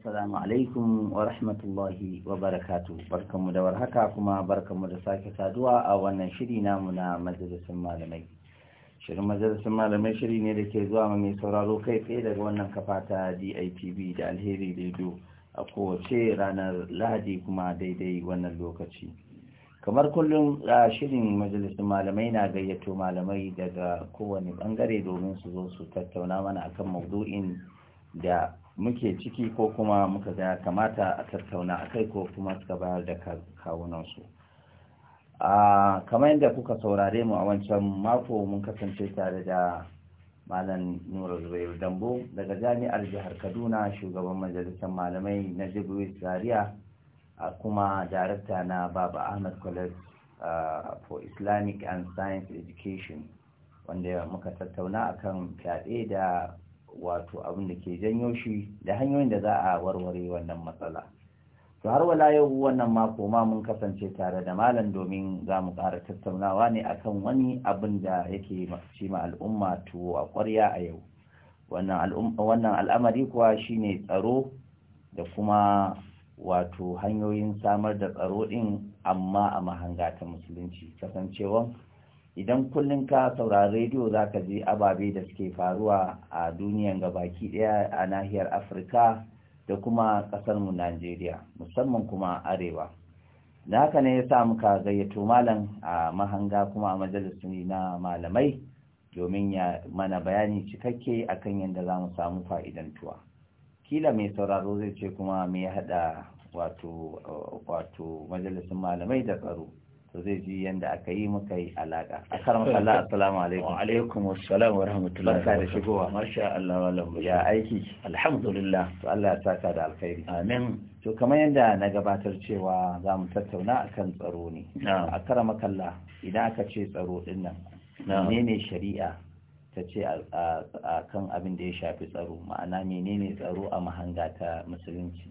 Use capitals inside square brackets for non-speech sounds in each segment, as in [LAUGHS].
Assalamu alaikum wa rahmatullahi wa barakatu. Barkanmu da warhaka kuma barkanmu da sake saduwa a wannan shiri namu na majalisun malamai. Shirin majalisun malamai shiri ne da ke zuwa mai sauraro kai tsaye daga wannan kafa ta DITV da alheri ido, a kowace ranar Lahadi kuma daidai wannan lokaci. Kamar kullum a shirin majalisun malamai na gayyato malamai daga kowane bangare domin su zo su tattauna mana akan maudu'in da muke ciki ko kuma muka ga kamata a tattauna a kai ko kuma suka bayar da kawunansu kamar yadda kuka saurare mu a wancan mako mun kasance tare da malam nura zubairu dambo daga jami'ar jihar kaduna shugaban majalisar malamai na jibiru zaria a kuma darakta na baba Ahmad college for islamic and science education wanda muka tattauna akan fyaɗe da wato abin da ke janyo shi da hanyoyin da za a warware wannan matsala to har wala yau wannan mako ma mun kasance tare da malam domin za mu ƙara tattaunawa ne akan wani abin da yake ci ma al'umma tuwo a ƙwarya a yau wannan al'amari kuwa shine tsaro da kuma wato hanyoyin samar da tsaro ɗin amma a mahanga ta musulunci kasancewan idan kullum ka saurari rediyo za ka je ababe da suke faruwa a duniyan gabaki daya a nahiyar afirka da kuma kasarmu najeriya musamman kuma arewa na haka ne ya sa muka gayyato malam a mahanga kuma a majalisun na malamai domin ya mana bayani cikakke akan yadda za mu samu fa'idantuwa kila mai sauraro zai ce kuma mai hada wato majalisun malamai da tsaro to zai ji yanda aka yi maka yi alaka akram Allah assalamu alaikum wa alaikum wa rahmatullahi barka da shigowa marsha Allah ya aiki alhamdulillah to Allah ya saka da alkhairi amin to kamar yadda na gabatar cewa za mu tattauna akan tsaro ne akrama makalla idan aka ce tsaro din nan menene shari'a ta ce a kan abin da ya shafi tsaro ma'ana menene tsaro a mahanga ta musulunci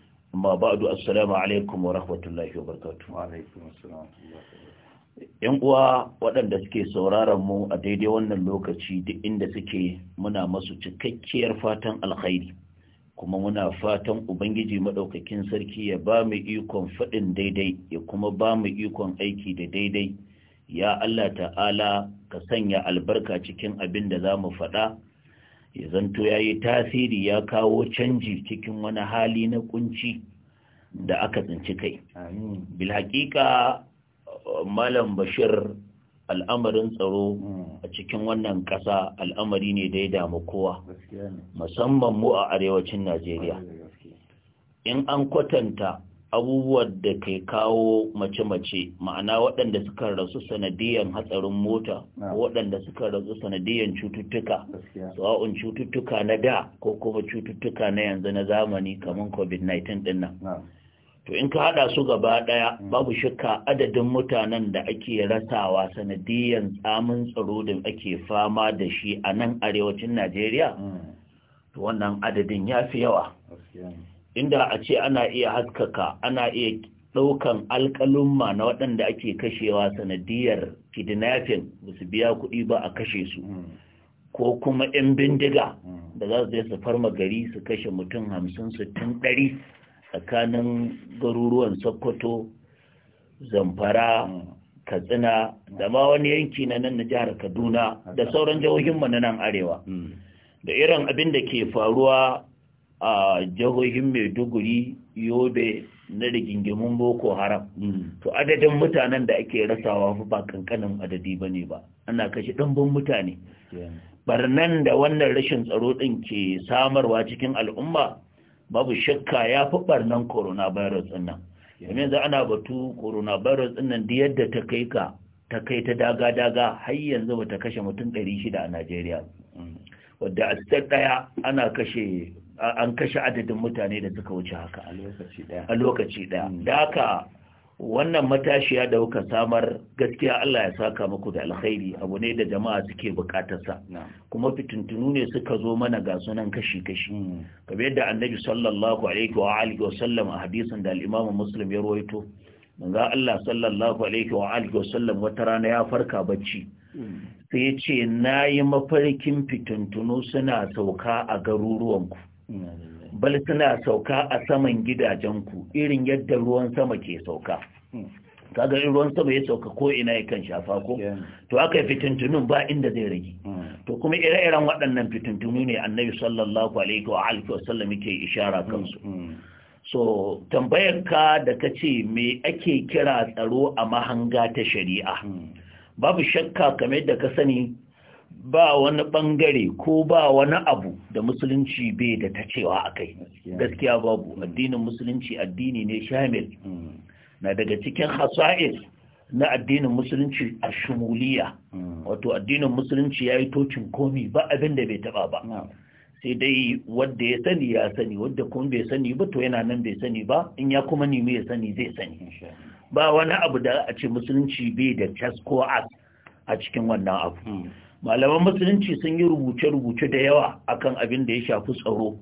amma ba'du assalamu alaikum wa rahmatullahi wa barakatuh alaikum assalam yan uwa waɗanda suke sauraron mu a daidai wannan lokaci duk inda suke muna masu cikakkiyar fatan alkhairi kuma muna fatan ubangiji madaukakin sarki ya ba mu ikon faɗin daidai ya kuma ba mu ikon aiki da daidai ya Allah ta'ala ka sanya albarka cikin abin da za mu faɗa ya zanto ya yi tasiri ya kawo canji cikin wani hali na kunci da aka tsinci kai bilhaƙiƙa malam bashir al'amarin tsaro hmm. a cikin wannan ƙasa al'amari ne da ya damu kowa musamman mu a arewacin najeriya in an kwatanta abubuwan da ke kawo mace-mace ma'ana waɗanda suka rasu sanadiyan hatsarin mota waɗanda suka rasu sanadiyan cututtuka sawa'un cututtuka na da ko kuma cututtuka na yanzu na zamani kamar covid-19 ɗin to in ka haɗa su gaba ɗaya mm. babu shakka adadin mutanen da ake rasawa sanadiyan tsamin tsaro da ake fama da shi a nan arewacin najeriya mm. to wannan adadin ya fi yawa inda a ce ana iya haskaka ana iya ɗaukan alƙalumma na waɗanda ake kashewa sanadiyar kidnapping ba su biya kuɗi ba a kashe su ko kuma 'yan bindiga da za su su farma gari su kashe mutum hamsin sittin ɗari tsakanin garuruwan sokoto zamfara katsina da ma wani yanki na nan na jihar kaduna da sauran jihohin mu na nan arewa hmm. da irin abin da ke faruwa a jihohin maiduguri yobe na rigingimun boko haram hmm. to adadin mutanen da ake rasawa ba kankanin adadi ba ba ana kashe ɗanbin mutane barnan da wannan rashin tsaro din ke samarwa cikin al'umma babu shakka ya fi barnan coronavirus ɗin nan domin za ana batu coronavirus ɗin nan da yadda ta kai ka ta kai ta daga-daga har yanzu ba ta kashe mutum 600 a najeriya hmm. wadda a ɗaya ana kashe an kashe adadin mutane da suka wuce haka a lokaci daya hmm. da haka wannan matashiya da kuka samar gaskiya Allah ya saka muku da alkhairi abu ne da jama'a suke sa, kuma fitintunu ne suka zo mana ga sunan kashi-kashi hmm. kamar yadda annabi sallallahu alaihi wa alihi wa sallam a hadisin da al-Imam Muslim ya rawaito manzo Allah sallallahu alaihi wa alihi wa sallam wata rana ya farka bacci hmm. sai ya ce nayi mafarkin fitintunu suna sauka a garuruwanku bal suna sauka a saman gidajenku irin yadda ruwan sama ke sauka kaga in ruwan sama ya sauka ko ina ya kan shafa ko to aka yi fitintunun ba inda zai rage mm. to kuma ire-iren waɗannan fitintunu ne annabi sallallahu alaihi wa alihi wasallam yake ishara mm, kansu mm. so tambayar ka da ka ce me ake kira tsaro a mahanga ta shari'a babu shakka kamar yadda ka sani ba wani bangare ko ba wani abu da musulunci bai da ta cewa a kai gaskiya babu addinin musulunci addini ne shamil mm. na daga cikin hasa'il na addinin musulunci a shimuliya mm. wato addinin musulunci ya yi tocin komi ba abin da bai taba ba sai dai wadda ya sani ya sani wadda kuma bai sani ba to yana nan bai sani ba in ya kuma nemi ya sani zai sani ba wani abu da a ce musulunci bai da cas ko a cikin wannan abu mm. malaman musulunci sun yi rubuce-rubuce da yawa akan abin da ya shafi tsaro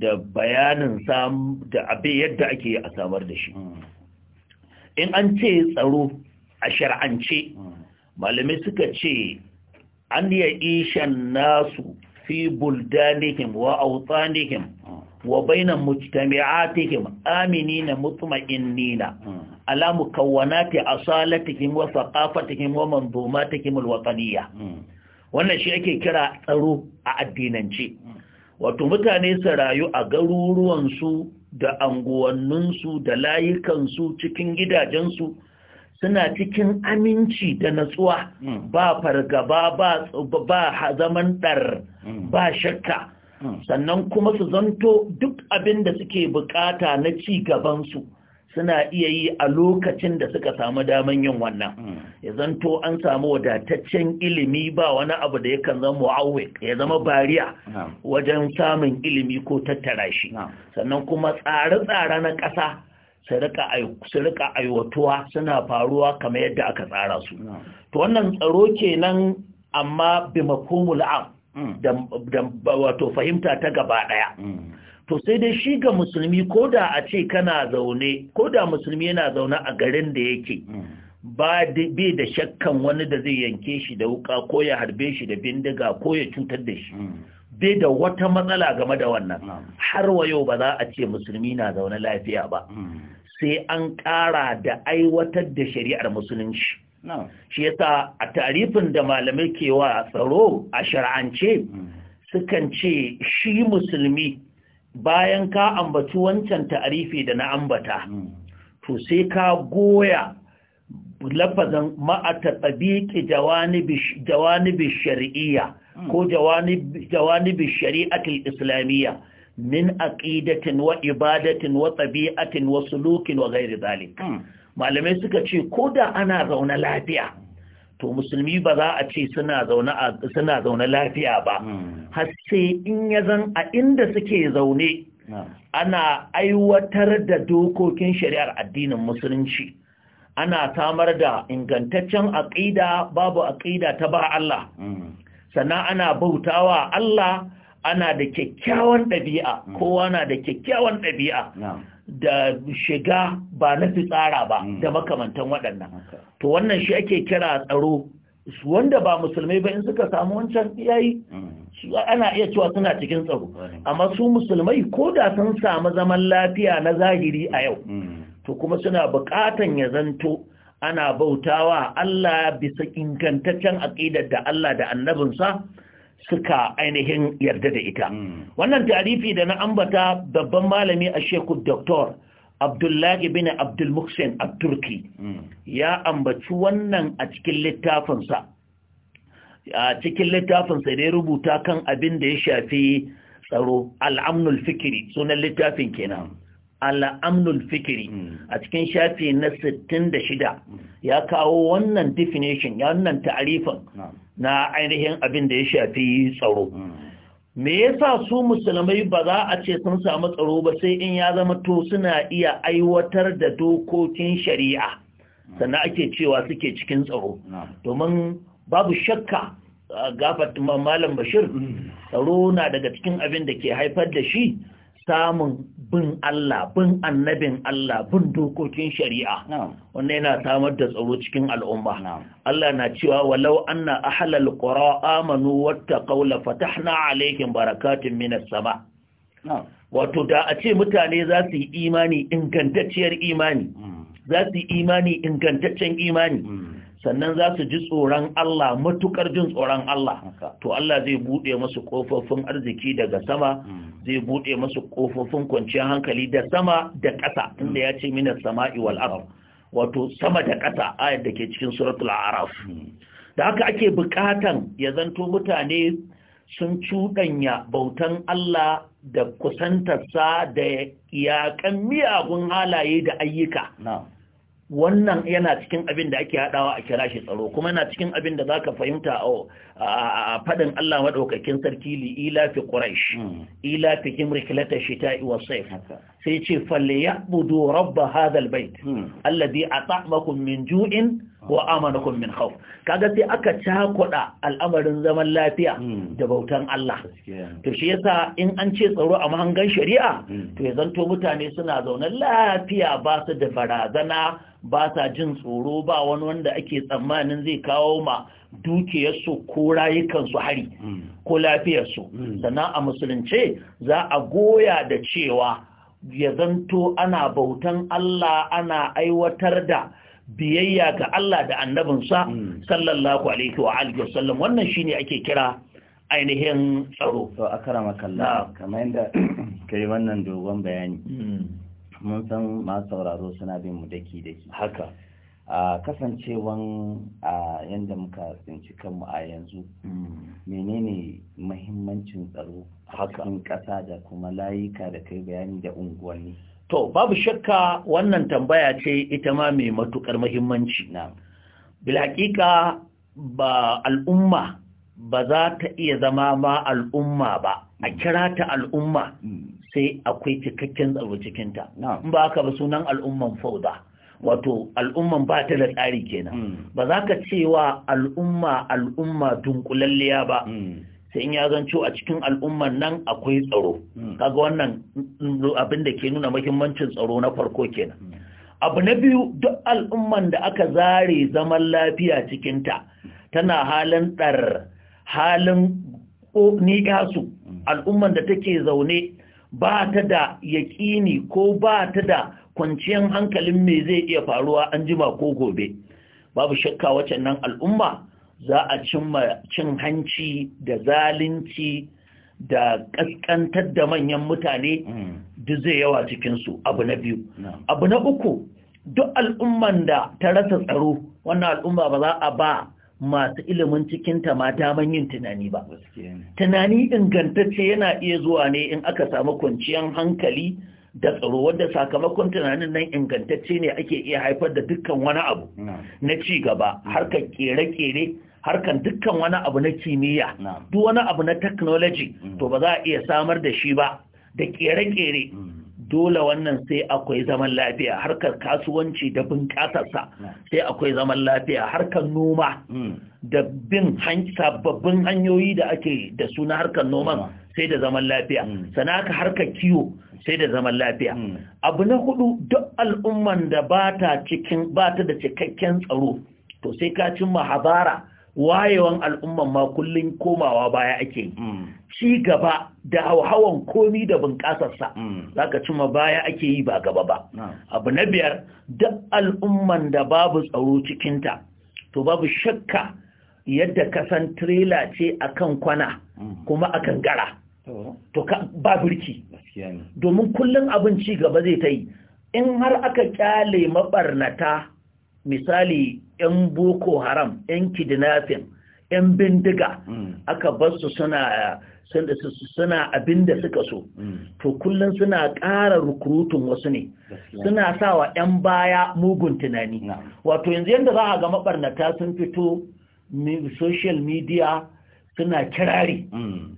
da bayanin da abin yadda ake a samar da shi in an ce tsaro a shar'ance malamai suka ce an ya ishan nasu fi buldanihim wa autanihim wa bainan mujtami'atihim aminina mutma'innina ala mukawwanati asalatihim wa thaqafatihim wa manzumatihim alwataniyya hmm. wannan shi ake kira tsaro a addinance wato mutane su rayu a garuruwansu da anguwanninsu da layukansu cikin gidajensu suna cikin aminci da natsuwa hmm. ba fargaba ba zaman ɗar hmm. ba shakka sannan kuma su zanto duk abin da suke bukata na ci gabansu suna iya yi a lokacin da suka samu daman yin wannan hmm. ya zanto an samu wadataccen ilimi ba wani abu da yakan zama mu'awwiq ya zama bariya wajen samun ilimi ko tattara shi sannan kuma tsare-tsare na ƙasa su rika aiwatuwa suna faruwa kamar yadda aka tsara su to wannan tsaro kenan amma bi makomul'am hmm. da wato fahimta ta gaba ɗaya hmm. to sai dai shi ga musulmi ko da a ce kana zaune ko da musulmi yana zaune a garin da yake ba bai da shakkan wani da zai yanke shi da wuka ko ya harbe shi da bindiga ko ya cutar da shi hmm. bai da wata matsala game da wannan hmm. har wa yau ba za a ce musulmi na zaune lafiya ba hmm. sai an ƙara da aiwatar da shari'ar musulunci shi yasa a tarifin da malamai ke wa tsaro a shari'ance sukan ce shi musulmi bayan ka ambaci wancan ta'arifi da na ambata to sai ka goya lafazan ma'ata tabiqi jawanibi shar'iyya ko jawanibi shari'atul islamiyya min aqidatin wa ibadatin wa tabi'atin wa sulukin wa ghairi zalik hmm. malamai suka ce ko da ana zaune lafiya to musulmi ba za a ce suna zaune lafiya ba hmm. har sai in ya zan a inda suke zaune hmm. ana aiwatar da dokokin shari'ar addinin musulunci ana samar da ingantaccen aƙida babu aƙida ta ba Allah hmm. sannan ana bautawa Allah ana da kyakkyawan ɗabi'a hmm. kowa na da kyakkyawan ɗabi'a da shiga ba na fitsara ba hmm. da makamantan waɗannan to wannan shi ake kira tsaro wanda ba musulmai ba in suka samu wancan yayi hmm. ana iya cewa suna cikin tsaro amma su musulmai ko da sun samu zaman lafiya na zahiri a yau to kuma suna buƙatan ya zanto ana bautawa Allah bisa ingantaccen aƙidar da Allah da annabinsa suka ainihin yarda da ita hmm. wannan tarifi da na ambata babban malami a sheku doktor abdullahi bin abdulmuksin a turki hmm. ya ambaci wannan a cikin littafinsa a cikin littafinsa da ya rubuta kan abin da ya shafi tsaro al'amnul fikiri sunan littafin kenan hmm. al'amnul fikiri a cikin shafi na 66 ya kawo wannan definition ya wannan ta'arifin na ainihin abin da ya shafi tsaro me yasa su musulmai ba za a ce sun samu tsaro ba sai in ya zama to suna iya aiwatar da dokokin shari'a sannan ake cewa suke cikin tsaro domin babu shakka uh, gafat malam bashir mm. tsaro na daga cikin abin da ke haifar da shi samun bin Allah bin annabin Allah bin dokokin shari'a wanda yana samar da tsaro cikin al'umma Allah na cewa walau anna ahlal qura amanu wattaqaw la fatahna alaikin barakatun minas sama wato da a ce mutane za su yi imani ingantacciyar imani mm. za su yi imani ingantaccen imani mm. sannan za su ji tsoron Allah matukar jin tsoron Allah to Allah zai bude masu kofofin arziki daga sama hmm. zai bude masu kofofin kwanciyar hankali da sama da ƙasa hmm. inda ya ce minas sama'i wal ardh wato sama da ƙasa ayar da ke cikin suratul araf hmm. da haka ake bukatan ya zanto mutane sun cuɗanya bautan Allah da kusantarsa da yaƙan miyagun halaye da ayyuka wannan yana cikin abin da ake haɗawa a kira shi tsaro kuma yana cikin abin da zaka fahimta a faɗin Allah maɗaukakin sarki li ila fi quraish hmm. ila fi himriklata shita'i wa sayf sai ce falle ya budu rabba hadal bait hmm. alladhi at'amakum min ju'in wa amanakum min khawf kaga sai aka cakuda al'amarin zaman lafiya hmm. da bautan Allah to shi yasa in an ce tsaro a mahangan shari'a hmm. to ya zanto mutane suna zaune lafiya ba su da barazana ba sa jin tsoro ba wani wanda ake tsammanin zai kawo ma dukiyarsu ko rayukansu hari ko lafiyarsu sannan a musulunce za a goya da cewa ya zanto ana bautan Allah ana aiwatar da biyayya ga Allah da annabinsa hmm. sallallahu alaihi wa alihi wasallam wannan shine ake kira ainihin tsaro to akrama kallah kamar yanda [CLEARS THROAT] kai wannan dogon bayani hmm. mun san masu sauraro suna bin mu daki daki haka a kasancewan a yadda muka tsinci kanmu a yanzu menene mahimmancin tsaro hakan ƙasa da kuma layuka da kai bayani da unguwanni to babu shakka wannan tambaya ce ita ma mai matukar mahimmanci na bilhaƙiƙa ba al'umma ba za ta iya zama ma al'umma ba a mm. kira ta al'umma mm. sai akwai cikakken tsaro cikinta in ba haka ba sunan al'umman fauda wato al'umman ba ta da tsari kenan hmm. ba za ka wa al'umma al'umma dunkulalliya ba hmm. sai ya zanco a cikin al'umman nan akwai tsaro hmm. kaga wannan abin da ke nuna muhimmancin tsaro na farko kenan abu na biyu duk al'umman da aka zare zaman lafiya cikinta tana halin ɗar halin ni su al'umman da take zaune ba ta da yaƙini ko ba ta da kwanciyar hankalin me zai iya faruwa an jima ko gobe babu shakka wacce nan al'umma za a cimma cin hanci da zalunci da ƙasƙantar da manyan mutane mm. duk zai yawa cikinsu abu na biyu abu na uku duk al'umman da ta rasa tsaro wannan al'umma ba za a ba masu ilimin cikinta ma daman yin tunani ba tunani ingantacce yana iya zuwa ne in aka samu kwanciyar hankali da tsaro wanda sakamakon tunanin nan ingantacce ne ake iya haifar da dukkan wani abu na ci gaba harkar kere-kere harkar dukkan wani abu na kimiyya duk wani abu na technology mm. to ba za a iya samar da shi ba da kere-kere mm. dole wannan sai akwai zaman lafiya harkar kasuwanci da bunƙasarsa sai akwai zaman lafiya harkar noma mm. da bin sababbin hanyoyi da ake da suna harkar noman sai da zaman lafiya sanaka harkar kiwo sai da zaman lafiya hmm. abu na hudu duk al'umman da ba ta cikin ba ta da cikakken tsaro to sai ka cimma habara wayewan al'umman ma kullun komawa baya ake hmm. ci gaba da hauhawan komi da bunƙasarsa hmm. za ka cimma baya ake yi ba gaba ba abu na biyar duk al'umman da babu tsaro cikinta to babu shakka yadda kasan trela ce akan kwana kuma akan gara to ba birki domin kullum abin ci gaba zai ta yi in har aka kyale mabarnata misali 'yan boko haram 'yan kidnapping 'yan bindiga mm. aka basu suna suna abin da suka so mm. to kullum suna ƙara rukurutun wasu ne suna sawa 'yan baya mugun tunani wato yanzu yadda za a ga mabarnata sun fito social media suna kirari mm.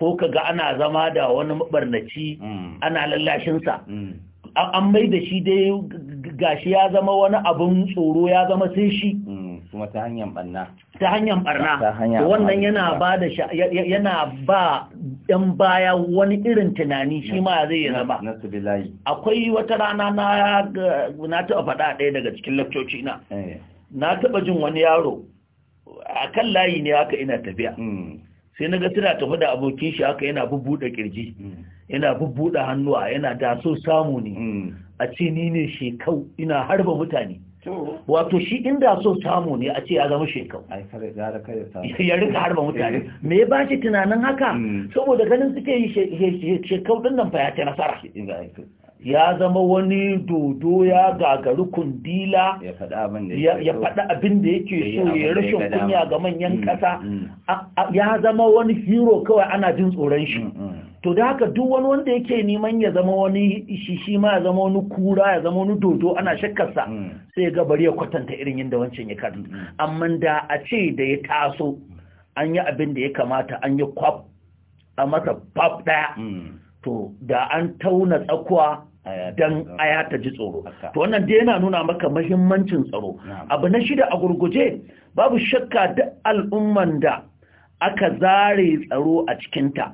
ko ka ga ana zama da wani mabarnaci mm. ana lallashinsa mm. an mai da shi dai gashi ya zama wani abin tsoro ya zama sai shi mm. kuma ta hanyar barna ta hanyar barna wannan yana ba da yana ba yan baya wani irin tunani shi ma zai yana ba akwai wata rana na na taɓa faɗa ɗaya daga cikin lakcoci na eh. na taɓa jin wani yaro a kan layi ne haka ina tafiya sai na ga suna tafi da abokin shi aka yana bubbuɗe kirji hmm. yana bubbuɗe hannuwa yana da so samu ne hmm. a ce ni ne shekau ina harba mutane wato shi inda so samu ne a ce ya zama shekau [LAUGHS] ya rika harba mutane eh. me ba shi tunanin haka hmm. saboda ganin suke yi shekau din nan fa ya ta nasara ya zama wani dodo ya gagari kundila ya faɗa abin da yake so ya rashin kunya ga manyan mm, ƙasa mm. ya zama wani hero kawai ana jin tsoron shi mm, to da haka duk wani wanda yake neman ya zama wani shishi ma ya zama wani kura ya zama wani dodo ana shakkarsa sai ga bari ya kwatanta irin yadda wancan ya kadu amma da a ce da ya taso an yi abin da ya kamata an yi kwaf a masa fab ɗaya to da an tauna tsakuwa dan aya ta ji tsoro to wannan dai yana nuna maka mahimmancin tsaro abu na shida a gurguje babu shakka duk al'umman da aka zare tsaro a cikinta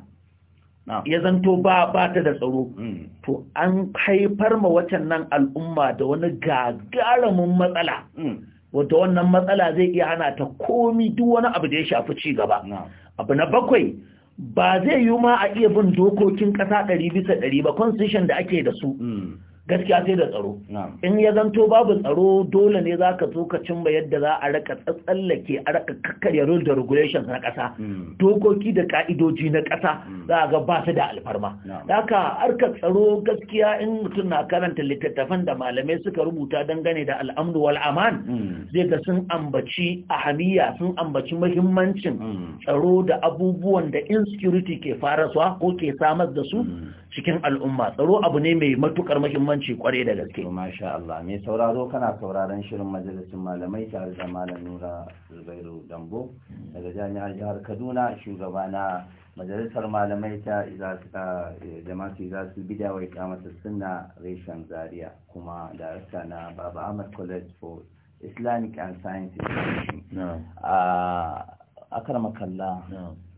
ya zanto ba ba ta da tsaro hmm. to an haifar ma wacan nan al'umma da wani gagarumin matsala hmm. wadda wannan matsala zai iya hana ta komi duk wani abu da ya shafi ci gaba abu na bakwai ba zai yi ma a iya bin dokokin ƙasa ɗari bisa ɗari ba constitution da ake da su hmm. gaskiya sai da tsaro in ya zanto babu tsaro dole ne za ka zo ka cimma yadda za a raka tsallake a raka kakkarya rule da regulations na ƙasa hmm. dokoki da ka'idoji na ƙasa hmm. za a ga ba su da alfarma haka harkar tsaro gaskiya in mutum na karanta littattafan da malamai suka rubuta dangane da al'amnu wal aman hmm. zai ga sun ambaci a hamiya sun ambaci muhimmancin tsaro da abubuwan da insecurity ke faraswa ko ke samar da su cikin al'umma tsaro abu ne mai matukar mahimmanci kwarai da gaske masha Allah mai sauraro kana sauraron shirin majalisun malamai tare da malam Nura Zubairu Dambo daga jami'ar jihar Kaduna shugaba na majalisar malamai ta jama'atu izasu bida wai kamata sunna reshen zaria kuma darakta na baba ahmad college for islamic and science education a ah, makalla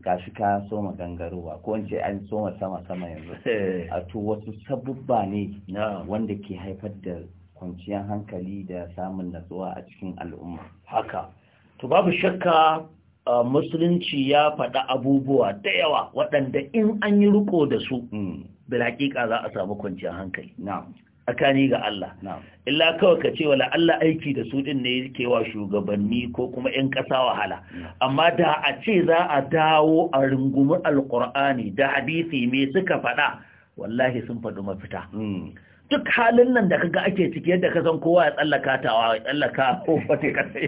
gashi ka soma gangarowa ko in ce an soma sama sama yanzu eh. a to wasu sabubba ne wanda ke haifar da kwanciyar hankali da samun natsuwa a cikin al'umma haka to babu shakka musulunci ya faɗa abubuwa da yawa waɗanda in an yi riko da su hmm. bilakika za a samu kwanciyar hankali tsakani ga Allah illa kawai ka ce wala Allah aiki da su din ne yake wa shugabanni ko kuma ƴan ƙasa wahala amma da a ce za a dawo a rungumi alqur'ani da hadisi me suka faɗa wallahi sun faɗi mafita hmm. duk halin nan da kaga ake ciki yadda ka san kowa ya tsallaka tawa ya tsallaka ko wace kasai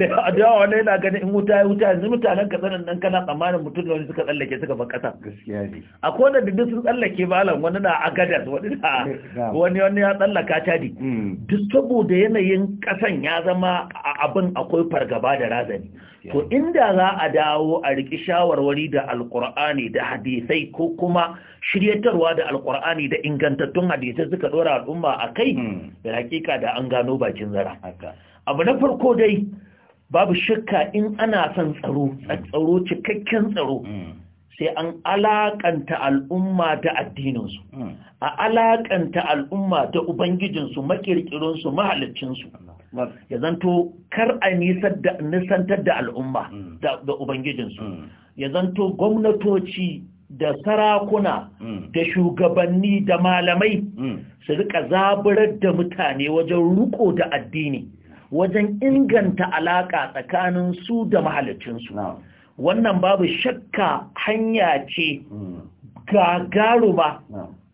da yawa wani yana ganin in wuta ya wuta yanzu mutanen ka sanin nan kana tsammanin mutum da wani suka tsallake suka ba kasa a ne da duk sun tsallake malam wani na agadas wani eh, na wani wani ya tsallaka di hmm. duk saboda yanayin kasan ya zama abin akwai fargaba da razani to inda za a dawo a riƙi shawarwari da Alƙur'ani da hadisai ko kuma shiryatarwa da Alƙur'ani da ingantattun hadisai suka ɗora al'umma a kai hmm. da hakika da an gano bakin zara abu na farko dai babu shakka in ana son tsaro hmm. tsaro cikakken tsaro hmm. sai an alaƙanta al'umma ta addininsu a alaƙanta al'umma ta ubangijinsu makirkirinsu mahalicinsu ya zanto kar a nisantar da al'umma mm. da ubangijinsu mm. ya zanto gwamnatoci da sarakuna mm. da shugabanni da malamai su rika zaburar da mutane wajen ruko da addini wajen inganta alaka tsakanin su da mahalicinsu wannan babu shakka hanya ce gagaruma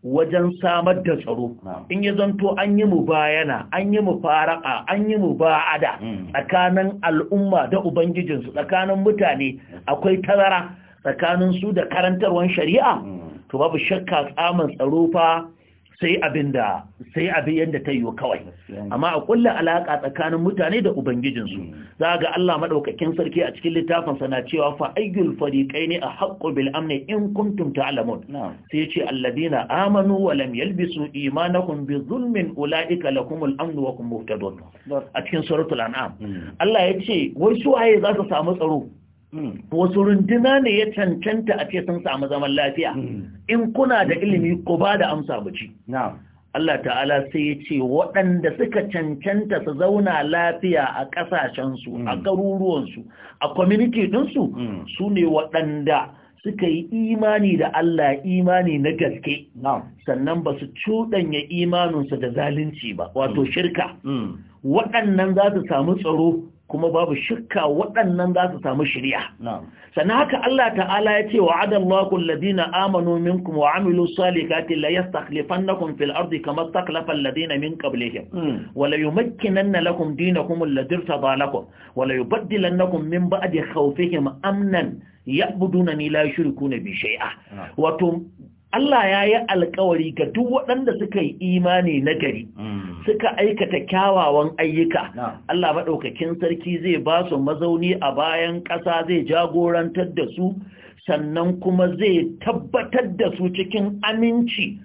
wajen samar da tsaro in ya zanto an yi mu bayana an yi mu faraka an yi mu ba'ada hmm. tsakanin al'umma da ubangijinsu tsakanin mutane akwai tazara tsakanin su da karantarwar shari'a hmm. to babu shakka tsamin tsaro fa sai abin da sai abin yadda ta yiwu kawai amma a kulla alaka tsakanin mutane da ubangijinsu mm. za ga Allah maɗaukakin sarki a cikin littafin sana cewa fa ne a ahqqu bil amni in kuntum ta'lamun sai ya ce alladina amanu wa lam yalbisu imanahum bi zulmin ulaika lahumul amn wa hum muhtadun a cikin suratul an'am mm. Allah ya ce wai su waye za su samu tsaro Hmm. wasu runduna ne ya cancanta a ce sun samu zaman lafiya hmm. in kuna da ilimi ko ba da amsa buci Allah ta'ala sai ya ce waɗanda suka cancanta su zauna lafiya a ƙasashensu a hmm. garuruwansu a kwaminiti ɗinsu su ne waɗanda suka yi imani da Allah imani na gaske sannan ba su cuɗanya imaninsu da zalunci ba wato shirka waɗannan za su samu tsaro kuma babu shakka waɗannan za su samu shari'a sannan haka Allah ta'ala ya ce wa'ada Allahu alladhina amanu minkum wa amilu salihati la yastakhlifannakum fil ardi kama stakhlafa alladhina min qablihim wa la yumakkinanna lakum dinakum alladhi tadalakum wa la yubaddilannakum min ba'di khawfihim amnan ya'budunani la yushrikuna bi shay'a wato Allah ya yi alkawari ga duk waɗanda suka yi imani na gari mm. suka aikata kyawawan ayyuka Allah maɗaukakin sarki zai ba su mazauni a bayan ƙasa zai jagorantar da su sannan kuma zai tabbatar da su cikin aminci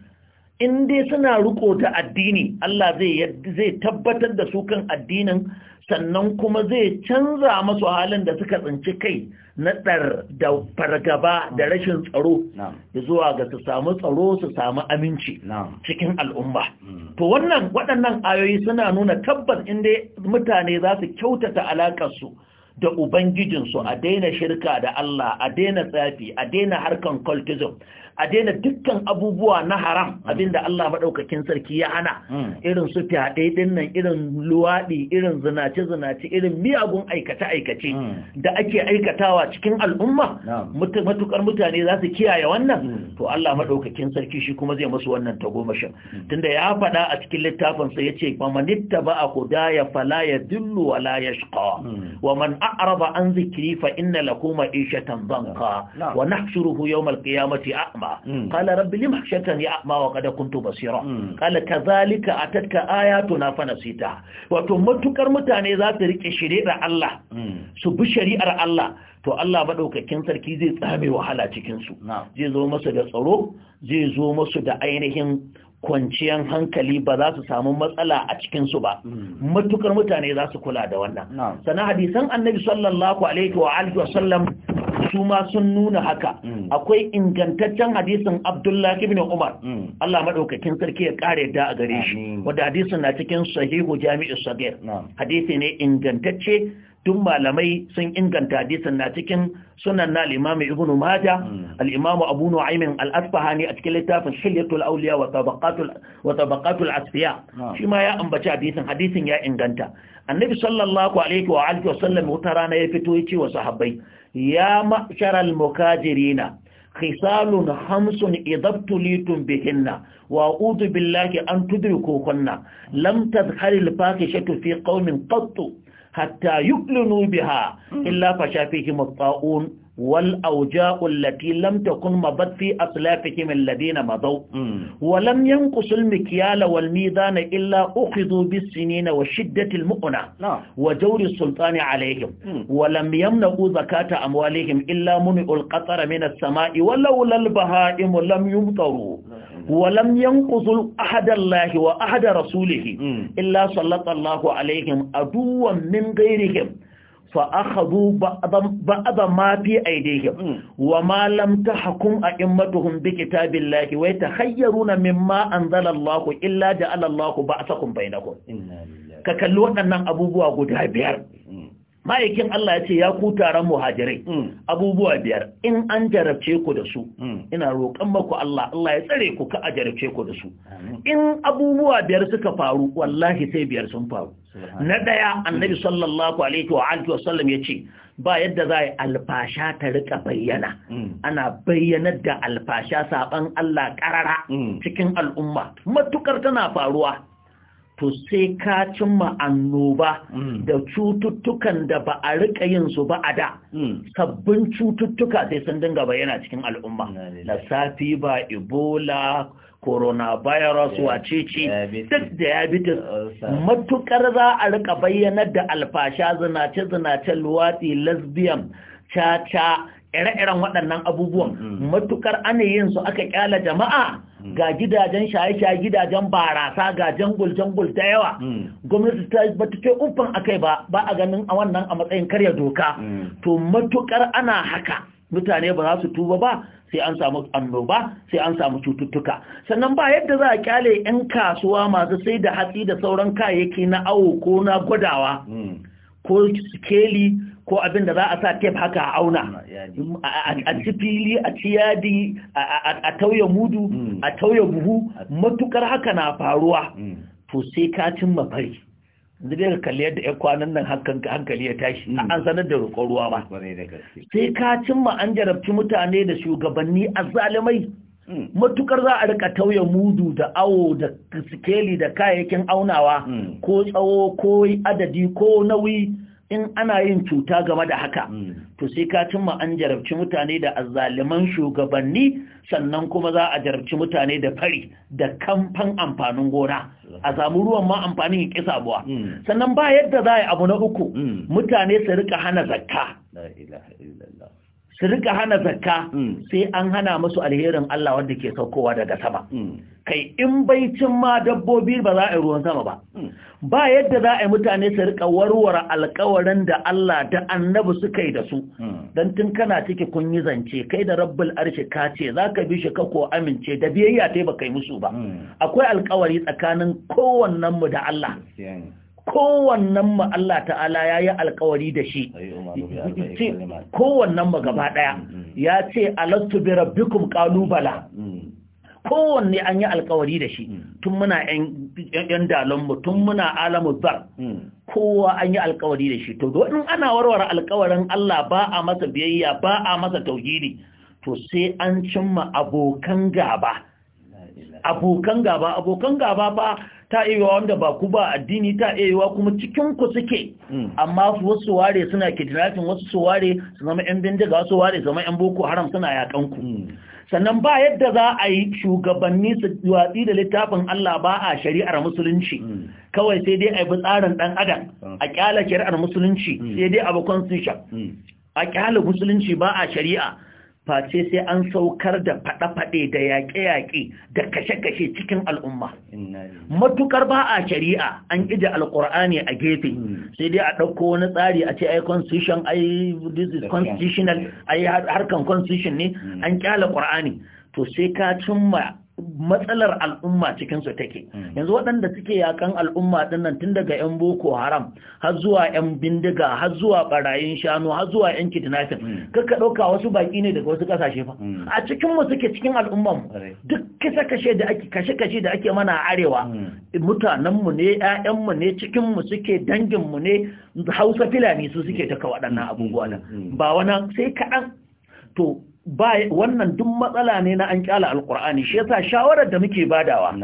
in dai suna riko ta addini Allah zai tabbatar da su kan addinin sannan kuma zai canza masu halin da suka tsinci kai na ɗar da fargaba da rashin tsaro da zuwa ga su samu tsaro su samu aminci cikin al'umma hmm. to wannan waɗannan ayoyi suna nuna tabbas inda mutane za su kyautata alaƙarsu da ubangijinsu a daina shirka da Allah a daina tsafi a daina harkan cultism a daina dukkan abubuwa na haram hmm. abinda Allah maɗaukakin sarki ya hana hmm. irin su fyaɗe ɗin nan irin luwaɗi irin zinace-zinace irin miyagun aikace-aikace hmm. da ake aikatawa cikin al'umma matukar mutane za su kiyaye wannan to Allah maɗaukakin sarki shi kuma zai masu wannan tagomashin tunda ya faɗa a cikin littafinsa ya ce famanitta ba a kuda ya fala ya dillu wa la ya shiƙa wa man a'raba an zikiri fa inna lakuma ishatan banka wa nahshuruhu yawmal qiyamati a'ma سمعا قال رب لم حشرتني أعمى وقد كنت بصيرا قال كذلك أتتك آياتنا فنسيتها وتمتكر متاني ذات رك شريع الله سب شريع الله to Allah maɗaukakin sarki zai tsame wahala cikinsu zai zo masu da tsaro zai zo masu da ainihin kwanciyan hankali ba za su samu matsala a cikinsu ba hmm. matukar mutane za su kula da wannan sana hadisan annabi sallallahu alaihi wa alihi wa sallam su ma sun nuna haka mm. akwai ingantaccen hadisin abdullahi ibn umar mm. Allah madaukakin sarki ya kare da a gare shi wanda hadisin na cikin sahihu jami'i sagir hadisi ne ingantacce tun malamai sun inganta hadisin na cikin sunan na al-imamu ibnu majah mm. al-imamu abu nu'aymin al-asfahani a cikin littafin shilyatul awliya wa tabaqatul asfiya shi ma ya ambaci hadisin hadisin ya inganta annabi sallallahu alaihi wa alihi wa sallam wata rana ya fito ya ce wa sahabbai يا معشر المكاجرين خصال خمس إذا ابتليتم بهن وأعوذ بالله أن تدركوهن لم تدخل الفاكشة في قوم قط حتى يؤلنوا بها إلا فشا فيهم والأوجاء التي لم تكن مضت في أسلافهم الذين مضوا ولم ينقص المكيال والميزان إلا أخذوا بالسنين وشدة المؤنة نعم. وجور السلطان عليهم ولم يمنعوا زكاة أموالهم إلا منع القطر من السماء ولولا البهائم لم يمطروا نعم. ولم ينقص أحد الله وأحد رسوله إلا سلط الله عليهم أدوا من غيرهم Fa a hadu ba'adama PIDs. Hmm. Wa malam ta hakun a in matuhun biƙi tabillaki. Wa ya tahayaruna min ma anza illa da allallaku ba a sakun Ka kalli waɗannan abubuwa guda biyar. Hmm. Ma'aikin Allah ya ce ya kutara muhajirai. Hmm. Abubuwa biyar in an jarabce ku da su. Ina roƙan maku Allah, Allah ya tsare ku ka jarabce ku da su. In abubuwa biyar suka faru, wallahi sai biyar sun faru. na ɗaya annabi sallallahu alaihi wa alihi wasallam yace ba yadda za a alfasha ta rika bayyana mm. ana bayyanar da alfasha saban Allah karara mm. cikin al'umma matukar tana faruwa to sai ka cimma annoba mm. da cututtukan da ba a rika yin su ba a da sabbin cututtuka sai sun dinga bayyana cikin al'umma Na safi ba ebola coronavirus wace ce duk diabetes matukar za a rika bayyanar da alfasha zinace zinace luwatsi lesbian caca ire-iren waɗannan abubuwan mm-hmm. matukar ana yin su aka kyala jama'a mm-hmm. ga gidajen shaye-shaye gidajen barasa ga jangul-jangul ta yawa mm-hmm. gwamnati ta ta ce a akai ba ba a ganin a wannan a matsayin karya doka to matukar ana haka mutane ba za su tuba ba sai an samu annoba sai an samu cututtuka sannan ba yadda za a kyale 'yan kasuwa masu sai da hatsi da sauran kayayyaki na awo ko na gwadawa hmm. ko keli ko abin da za a sa tef haka a auna a ci fili a ciyadi a tauye mudu hmm. a tauye buhu matukar haka na faruwa hmm. to sai ka cimma fari yanzu ka kalli yadda ya kwanan nan hankali ya tashi hmm. an sanar da roƙon ruwa ba sai ka cimma an jarabci mutane da shugabanni a zalimai hmm. matukar za a rika tauye mudu da awo da sikeli da kayayyakin aunawa hmm. ko tsawo ko adadi ko nauyi in ana yin cuta game da haka hmm. to sai ka cimma an jarabci mutane da azzaliman shugabanni sannan kuma za a jarabci mutane da fari da kamfan amfanin gona a samu ruwan ma amfanin ya ƙi sabuwa hmm. sannan ba yadda za a yi abu na uku hmm. mutane su rika hana zakka su rika hana zakka mm. sai an hana musu alherin Allah wanda ke saukowa daga sama mm. kai in baicin ma dabbobi ba za a yi ruwan sama ba mm. ba yadda za a yi mutane su rika warware alkawarin da Allah ta annabi suka yi da su dan tun kana ciki kun yi zance kai da rabbul arshi ka ce za ka bi shi ka ko amince da biyayya ta ba kai musu ba akwai alkawari tsakanin kowannen mu da Allah kowannen mu Allah ta'ala ya yi alkawari da shi kowannen mu gaba mm-hmm. ɗaya mm-hmm. ya ce alastu bi rabbikum kalubala mm-hmm. kowanne an yi alkawari da shi tun muna yan mu tun muna alamu zar kowa an yi alkawari da shi to in ana warware alkawarin Allah ba a masa biyayya ba a masa tauhidi to sai an cimma abokan gaba abokan gaba abokan gaba ba ta iya wanda ba ku ba addini ta iya kuma cikin ku suke hmm. amma wasu ware suna kidnapping wasu su ware su zama yan bindiga su ware su zama yan boko haram suna yakan ku hmm. sannan ba yadda za a yi shugabanni su watsi da littafin Allah ba a shari'ar musulunci hmm. kawai sai dai a yi tsarin dan adam a kyala shari'ar musulunci sai dai abokan sun constitution a kyala musulunci ba a shari'a face sai an saukar da faɗe-faɗe da yaƙe-yaƙe da kashe-kashe cikin al'umma. Matukar ba a shari'a an ƙi da alƙur'ani a gefe, hmm. sai dai a ɗauko wani tsari a ce ai constitution, ai constitutional, ai harkan constitution ne, hmm. an ƙyala ƙur'ani. To sai ka cimma matsalar al'umma cikinsu take hmm. yanzu waɗanda suke yakan al'umma dinnan tun daga 'yan boko haram har zuwa 'yan bindiga har zuwa barayin shanu har zuwa 'yan kidnapping hmm. kakka ɗauka wasu baƙi ne daga wasu ƙasashe fa hmm. a cikinmu suke cikin al'umman duk kisa kashe da ake kashe kashe da ake mana arewa mutanenmu ne 'ya'yanmu ne cikinmu suke danginmu ne hausa filani su suke taka waɗannan abubuwa ba wani sai kaɗan to wannan duk matsala ne na an kyala alkur'ani shi yasa shawarar da muke badawa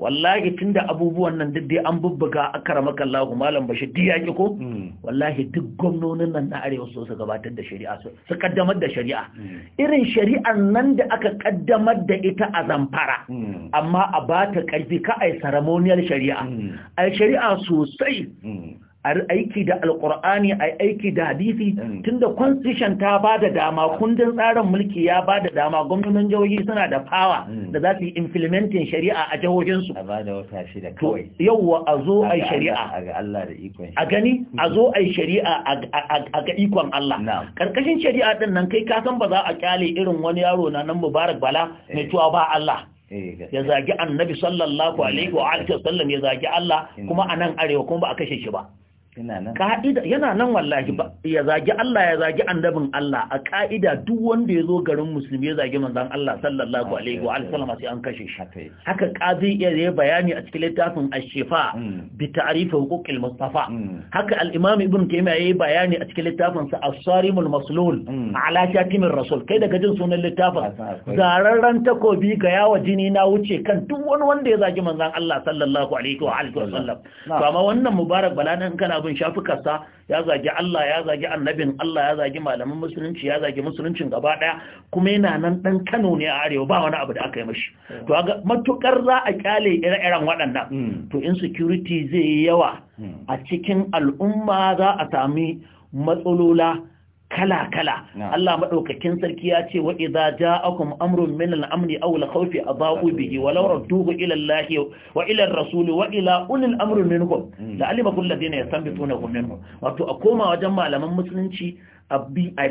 wallahi tunda abubuwan nan duk dai an bubbuga akaramaka Allah malam bashi duk yaki ko hmm. wallahi duk gwamnonin nan na arewa so su gabatar da shari'a su kaddamar da shari'a hmm. irin shari'an nan da aka kaddamar da ita a zamfara hmm. amma a bata karfi ka ai ceremonial shari'a ai shari'a sosai aiki da alkur'ani a aiki da hadisi mm. tunda constitution ta ba da dama kundin tsarin mulki ya ba da dama gwamnonin jihohi suna da fawa mm. da za su yi implementing shari'a a jihohinsu a a zo a shari'a a gani a zo a shari'a a ga ikon Allah karkashin shari'a din nan kai ka san ba za a kyale irin wani yaro na nan mubarak bala eh. mai tuwa ba Allah eh, ya zagi annabi sallallahu alaihi wa alihi wasallam ya zagi Allah mm. kuma anan arewa kuma ba a kashe shi ba yana nan wallahi ya zagi Allah ya zagi annabin Allah a ka'ida duk wanda ya zo garin musulmi ya zagi manzan Allah sallallahu alaihi wa sallam sai an kashe shi haka qazi ya yi bayani a cikin littafin ash-shifa hmm. bi ta'rif huquqil mustafa hmm. haka al-imam ibn taymiya yayi bayani a cikin littafin sa as-sarimul maslul hmm. ala shatimir rasul kai daga jin sunan littafin zararran takobi ga yawa jini na wuce kan duk wani wanda ya zagi manzan Allah sallallahu alaihi wa sallam to amma wannan mubarak balanan kana bin shafukarsa ya zagi Allah ya zagi annabin Allah ya zagi malamin musulunci ya zagi musuluncin gaba daya kuma yana nan dan Kano ne a arewa ba wani abu da aka yi mashi hmm. to ga matukar za a kyale ire-iren waɗannan hmm. to in insecurity zai yi yawa hmm. a cikin al'umma za a sami matsalola kala-kala Allah maɗaukakin sarki ya ce wa idza ja'akum amrun min al-amni aw al-khawfi adha'u bihi wa law radduhu ila Allah wa ila ar-rasul wa ila ulil amri minkum hmm. la'alima kullu ladina yastanbitunahu minhum wato a koma wajen malaman musulunci a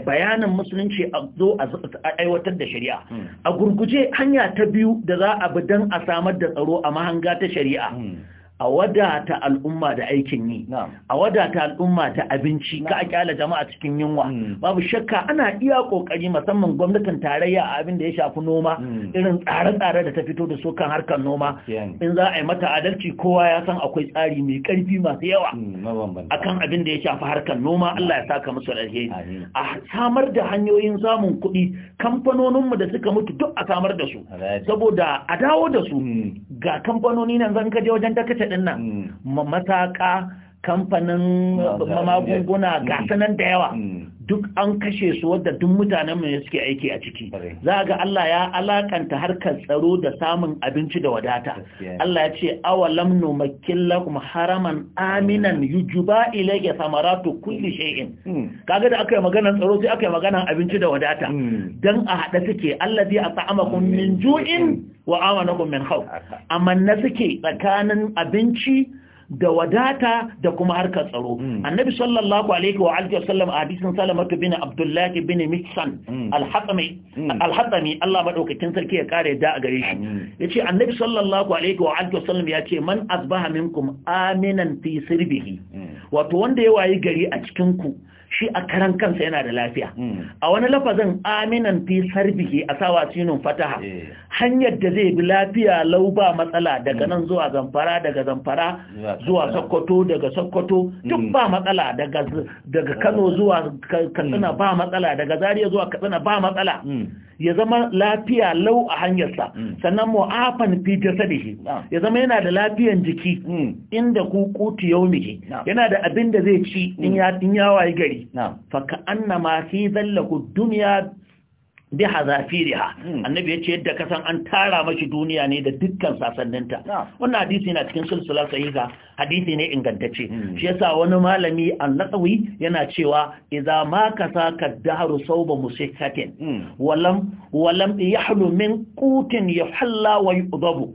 bayanin musulunci a zo a aiwatar da shari'a hmm. a gurguje hanya ta biyu da za a bi don a samar da tsaro a mahanga ta shari'a hmm. a wadata al'umma da aikin yi a wadata al'umma ta abinci ka a kyala jama'a cikin yunwa hmm. babu shakka ana iya kokari musamman gwamnatin tarayya a abin da ya shafi noma hmm. irin tsare-tsare da ta fito da su kan harkar noma in za a yi mata adalci kowa ya san akwai tsari mai karfi masu yawa hmm, akan abin da ya shafi harkar noma Allah ya saka musu alheri a samar da hanyoyin samun kuɗi kamfanoninmu da suka mutu duk a samar da su saboda a dawo da su ga kamfanoni nan zan kaje wajen takace din nan mm. mataka kamfanin magunguna mm. ga da yawa mm. duk an kashe su wadda duk mutanen mu ne suke aiki a ciki za ga Allah ya alakanta harkar tsaro da samun abinci da wadata Allah ya ce awalam numakkin lakum haraman aminan yujuba ilayka samaratu kulli shay'in hmm. kaga da aka yi maganar tsaro sai aka yi maganar abinci da wadata hmm. dan a hada suke Allah zai at'amakum min ju'in wa amanakum min khawf amma na suke tsakanin abinci da wadata da kuma harkar tsaro hmm. annabi sallallahu alaihi wa alihi wasallam a hadisin salamatu bin abdullahi bin mihsan al-hatami al-hatami hmm. Allah madaukakin sarki ya kare da a gare shi yace annabi sallallahu alaihi wa alihi wasallam yace man asbaha minkum aminan fi sirbihi hmm. wato wanda ya wayi gari a cikin ku shi a karan kansa yana da lafiya hmm. a wani lafazin aminan fi sarbihi a sawa sinin fataha eh. hanyar da zai bi lafiya lau ba matsala daga hmm. nan zuwa zamfara daga zamfara zuwa sokoto daga sokoto duk hmm. ba matsala daga kano zuwa katsina ba matsala daga zaria zuwa katsina ba matsala ya zama lafiya lau a hanyarsa sannan mu'afan fi jasadihi ah. ya zama yana da lafiyan jiki inda ku kuti ah. yana da abin da zai ci in ya waye gari alkhairi fa ka annama fi zallahu dunya bi hazafiriha annabi yace yadda ka san an tara mashi duniya ne da dukkan sasanninta wannan hadisi na cikin silsilar sahiha hadisi ne ingantacce shi yasa wani malami an-nasawi yana cewa idza ma kasaka dahru sauba musikatin walam walam yahlu min qutin yuhalla wa yudabu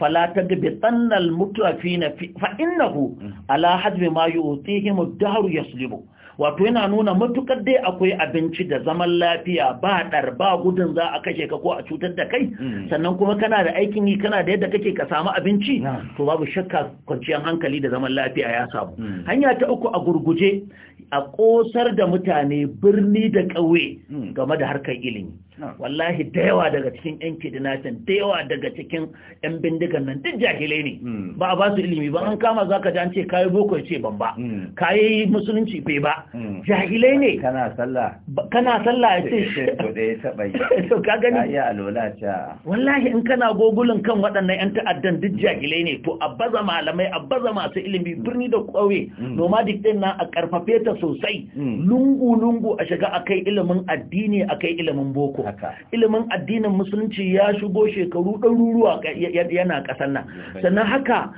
fala tagbitanna al-mutrafina fa innahu ala hadbi ma yu'tihim ad-dahru yaslibu wato yana nuna matukar dai akwai abinci da zaman lafiya ba ɗar ba gudun za a kashe ka ko a cutar da kai hmm. sannan kuma kana da aikin yi kana da yadda kake ka samu abinci to babu shakka kwanciyar hankali da zaman lafiya ya samu hmm. hanya ta uku a gurguje a ƙosar da mutane birni da ƙauye hmm. game da harkar ilimi wallahi da yawa daga cikin yan kidnapping da yawa daga cikin yan bindigan nan duk jahilai ne hmm. ba a ba su ilimi ba an kama zaka ji an ce kayi boko ce ban ba hmm. kayi musulunci bai ba hmm. jahilai ne kana sallah kana sallah ya ce eh, to da ya taba yi [LAUGHS] to ka gani ya alola ta wallahi in kana gogulin kan waɗannan yan ta'addan duk jahilai ne to a baza malamai a baza masu ilimi birni da ƙauye duk din nan a karfafe ta sosai lungu lungu a shiga akai ilimin addini akai ilimin boko ilimin addinin musulunci ya shigo shekaru ɗaruruwa yana ƙasar nan sannan haka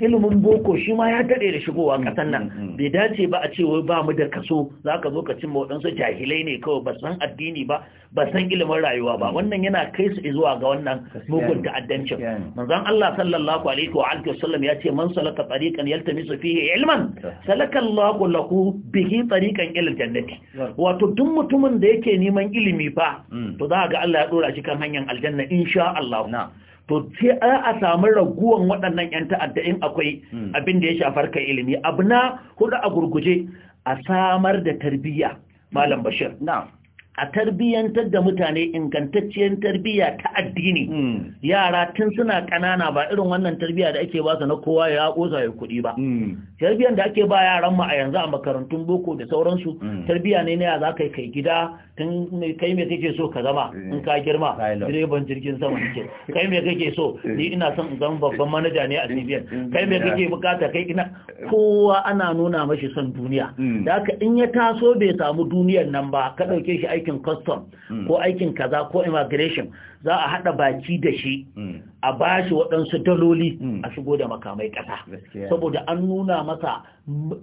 ilimin boko shi ma ya daɗe da shigowa mm, ƙasar nan mm, mm. bai dace ba a ce wai ba mu da kaso za ka zo ka cimma waɗansu jahilai ne kawai ba san addini ba ba san ilimin rayuwa ba hmm. wannan yana kai su zuwa ga wannan mugun ta'addancin manzon Allah sallallahu alaihi wa alihi wasallam ya ce man salaka tariqan yaltamisu fihi ilman salaka Allahu lahu bihi tariqan ila jannati wato duk mutumin da yake neman ilimi fa hmm. to za ga Allah ya dora shi kan hanyar aljanna insha Allah to sai a samu raguwan waɗannan 'yan ta'adda in akwai hmm. abin da ya shafar kai ilimi abu hudu a gurguje a samar da tarbiyya malam bashir a tarbiyyantar da mutane ingantacciyar tarbiyya ta addini hmm. yara tun suna kanana ba irin wannan tarbiyya da ake basu na kowa ya kosa ya kuɗi ba hmm. tarbiyyar da ake ba yaran mu a yanzu a makarantun boko da sauransu hmm. tarbiyya ne na za kai kai gida tun kai mai kake so ka zama in ka girma direban jirgin sama kake kai mai kake so ni ina son in babban manaja ne a CBN kai mai kake bukata kai ina kowa ana nuna mashi son duniya da haka in ya taso bai samu duniyar nan ba ka ɗauke shi aiki aikin custom hmm. ko aikin kaza ko immigration za a hada baki da shi hmm. a bashi waɗansu daloli hmm. a shigo da makamai ƙasa saboda an nuna masa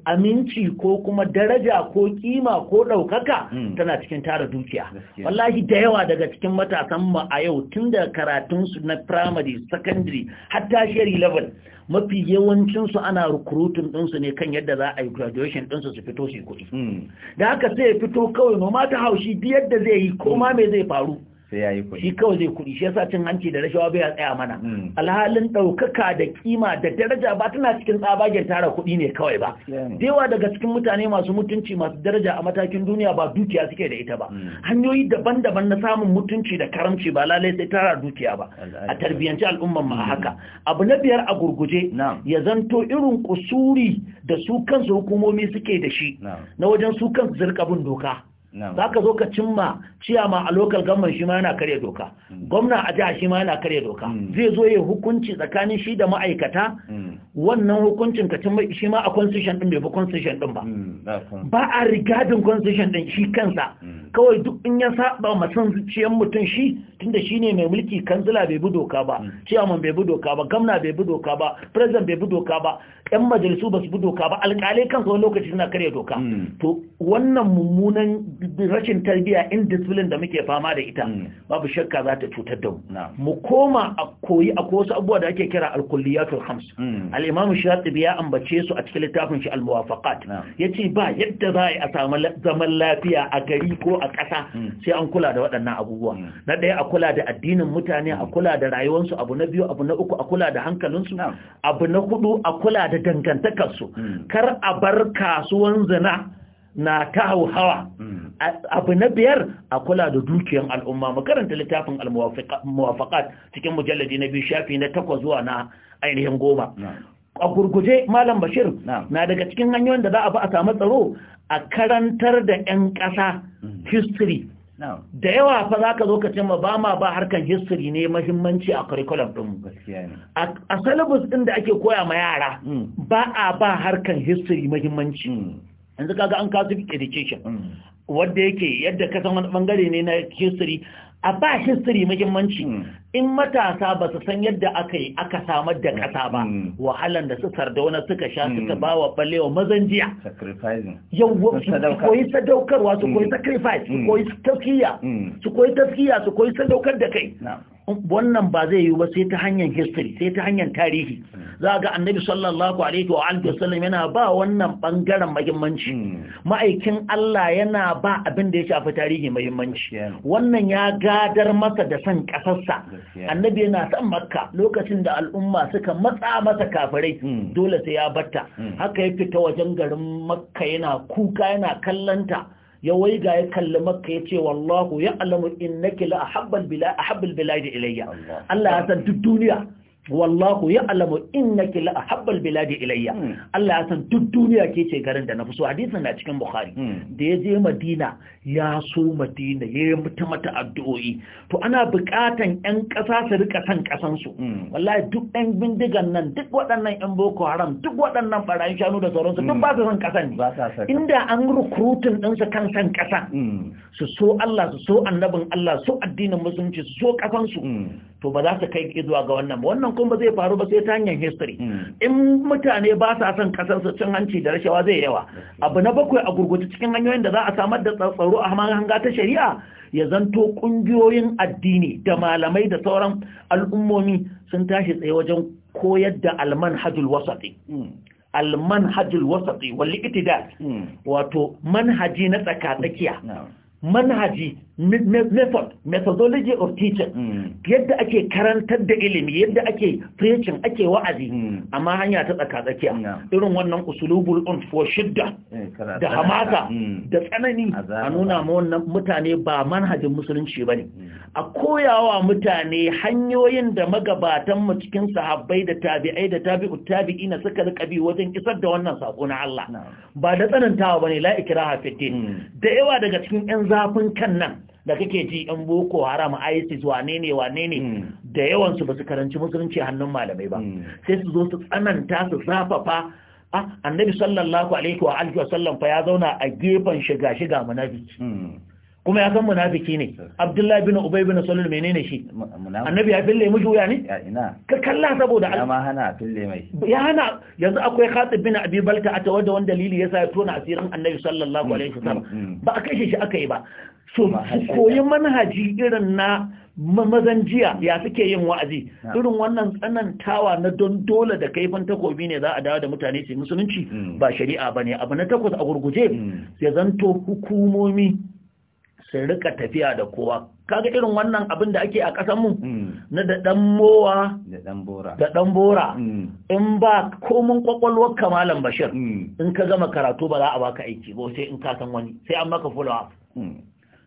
aminci ko kuma daraja ko kima ko ɗaukaka tana cikin tara dukiya wallahi da yawa daga cikin matasan mu a yau tun da karatunsu na primary secondary hatta tertiary level mafi yawancinsu ana recruiting ɗinsu ne kan yadda za a yi graduation ɗinsu su fito su kuɗi hmm. da haka sai ya fito kawai ma ta haushi duk yadda zai yi koma mai zai faru sai yayi kudi shi kawai zai kuɗi shi yasa cin hanci da rashawa bai tsaya mana hmm. alhalin ɗaukaka da kima da daraja ba tana cikin tsabagen tara kuɗi ne kawai ba yawa daga cikin mutane masu mutunci masu daraja a matakin duniya ba dukiya suke da ita ba hmm. hanyoyi daban-daban na samun mutunci da karamci ba lalai sai tara dukiya ba a tarbiyyanci al'ummar mu hmm. haka abu na biyar a gurguje ya zanto irin kusuri da su kansu hukumomi suke da shi na wajen su kansu zirka bin doka za ka zo ka cimma ciyama a lokal gamman shi ma yana karya doka mm. gwamna a jiha shi ma yana karya doka mm. zai zo ya hukunci tsakanin shi da ma'aikata mm. wannan hukuncin ka cimma shi ma a constitution din bai bi constitution din ba ba a rigadin constitution din shi kansa kawai duk in ya saba masan zuciyan mutum shi tunda shi ne mai mulki kansila bai bi doka ba ciyaman bai bi doka ba gwamna bai bi doka ba president bai bi doka ba yan majalisu ba su bi doka ba alƙalai kansa wani lokaci suna karya doka to wannan mummunan rashin tarbiya indiscipline da muke fama da ita hmm. babu shakka za ta cutar da mu mu koma a koyi a wasu abubuwa da ake kira alkulliyatul khams hmm. al-imam shatibi ya ambace su a cikin littafin shi al-muwafaqat yace ba yadda za a samu zaman lafiya a gari ko a ƙasa hmm. sai an kula da waɗannan abubuwa na ɗaya a kula da addinin mutane a kula da rayuwarsu abu na biyu abu na uku a kula da hankalinsu abu na hudu a kula da dangantakarsu kar a bar kasuwan zina na ta hawa. Mm. abu na biyar a kula da dukiyar al'umma makaranta littafin al-muwafaqat cikin mujalladi na biyu shafi na takwas zuwa na ainihin goma a gurguje malam bashir na daga cikin hanyoyin da za a bi a samu tsaro a karantar da 'yan ƙasa mm. history da yawa fa za ka zo ka cimma ba ma ba harkar history ne mahimmanci a curriculum ɗinmu a syllabus ɗin da ake koya ma yara mm. ba a ba harkar history mahimmanci yanzu kaga an kasu education mm. wanda yake yadda kasan wani bangare ne na history a ba history muhimmanci mm. in matasa ba su san yadda aka yi aka samar da ƙasa ba mm. wahalan da su sardauna suka sha mm. suka ba wa balewa mazanjiya yawwa su koyi sadaukarwa su koyi sacrifice su koyi taskiya su koyi taskiya su koyi sadaukar da kai wannan ba zai yiwu ba sai ta hanyar history sai ta hanyar tarihi za ga annabi sallallahu alaihi wa alihi wasallam yana ba wannan bangaren muhimmanci ma'aikin Allah yana ba abin da ya shafi tarihi muhimmanci wannan ya ga gadar masa da san ƙasarsa annabi yana son makka lokacin da al'umma suka matsa masa kafirai hmm. dole sai ya batta hmm. haka ya fita wajen garin makka yana kuka yana kallanta ya waiga ya kalli makka ya ce wallahu ya alamu innaki la ahabbal bila ahabbal da ilayya Allah ya san duk duniya wallahu ya'lamu innaki la ahabbal biladi ilayya hmm. Allah ya san duk duniya ke ce garin da nafi so hadisin na cikin bukhari hmm. da ya je madina ya so madina ya yi mata mata addu'o'i to ana bukatan 'yan ƙasa su rika san ƙasan su hmm. wallahi duk ɗan bindigan nan duk waɗannan 'yan boko haram duk waɗannan barayin shanu da sauransu duk ba su san inda an rukrutin din su kan san kasa su so Allah su so annabin Allah su addinin musulunci su so ƙasan su to ba za su kai zuwa ga wannan ba wannan wannan kuma zai faru ba sai ta hanyar history hmm. in mutane ba sa son kasar cin hanci da rashawa zai yawa abu na bakwai a gurgurta cikin hanyoyin da za a samar da tsaro a hanga ta shari'a ya zanto kungiyoyin addini da malamai da sauran al'ummomi sun tashi tsaye wajen koyar da alman almanhajul wasati hmm. hajjul wasati wal itidal hmm. wato manhaji na tsakatsakiya manhaji method methodology of teaching hmm. yadda ake karantar da ilimi yadda ake preaching ake wa'azi hmm. amma hanya ta tsaka tsakiya irin wannan usulubul un fo shidda eh, da hamasa hmm. da tsanani a nuna ma wannan mutane ba manhajin musulunci ba ne. a koyawa mutane hanyoyin da magabatan mu cikin sahabbai da tabi'ai da tabi'u na suka rika bi wajen kisar da wannan sako na Allah ba da tsanantawa bane la ikraha fi din da yawa daga cikin yan zafin kan nan da kake ji yan boko haram isis wane ne wane ne hmm. da yawansu ba su karanci musulunci hannun malamai ba hmm. sai su zo su tsananta su zafafa annabi sallallahu alaihi wa alihi wa sallam fa ya zauna a gefen shiga shiga munafiki hmm. kuma ya san munafiki ne abdullahi bin ubay bin salul menene shi annabi ya fille mu juya ne ka kalla saboda Allah ma hana fille mai ya hana yanzu akwai khatib bin abi balta a tawadda wanda dalili yasa ya tona asirin annabi sallallahu alaihi wa sallam. ba a kashe shi aka yi ba so su koyi manhaji irin na mazan jiya ya suke yin wa'azi irin wannan tsanantawa na don dole da kaifin takobi ne za a dawo da mutane su musulunci mm. ba shari'a ba ne abu na takwas a gurguje mm. ya zanto hukumomi su rika tafiya da kowa kaga irin wannan abin da ake a ƙasanmu mm. na da ɗan mowa da ɗan bora in ba komin kwakwalwar kamalan bashir in ka gama karatu ba za a baka aiki ba sai in ka san wani sai an maka follow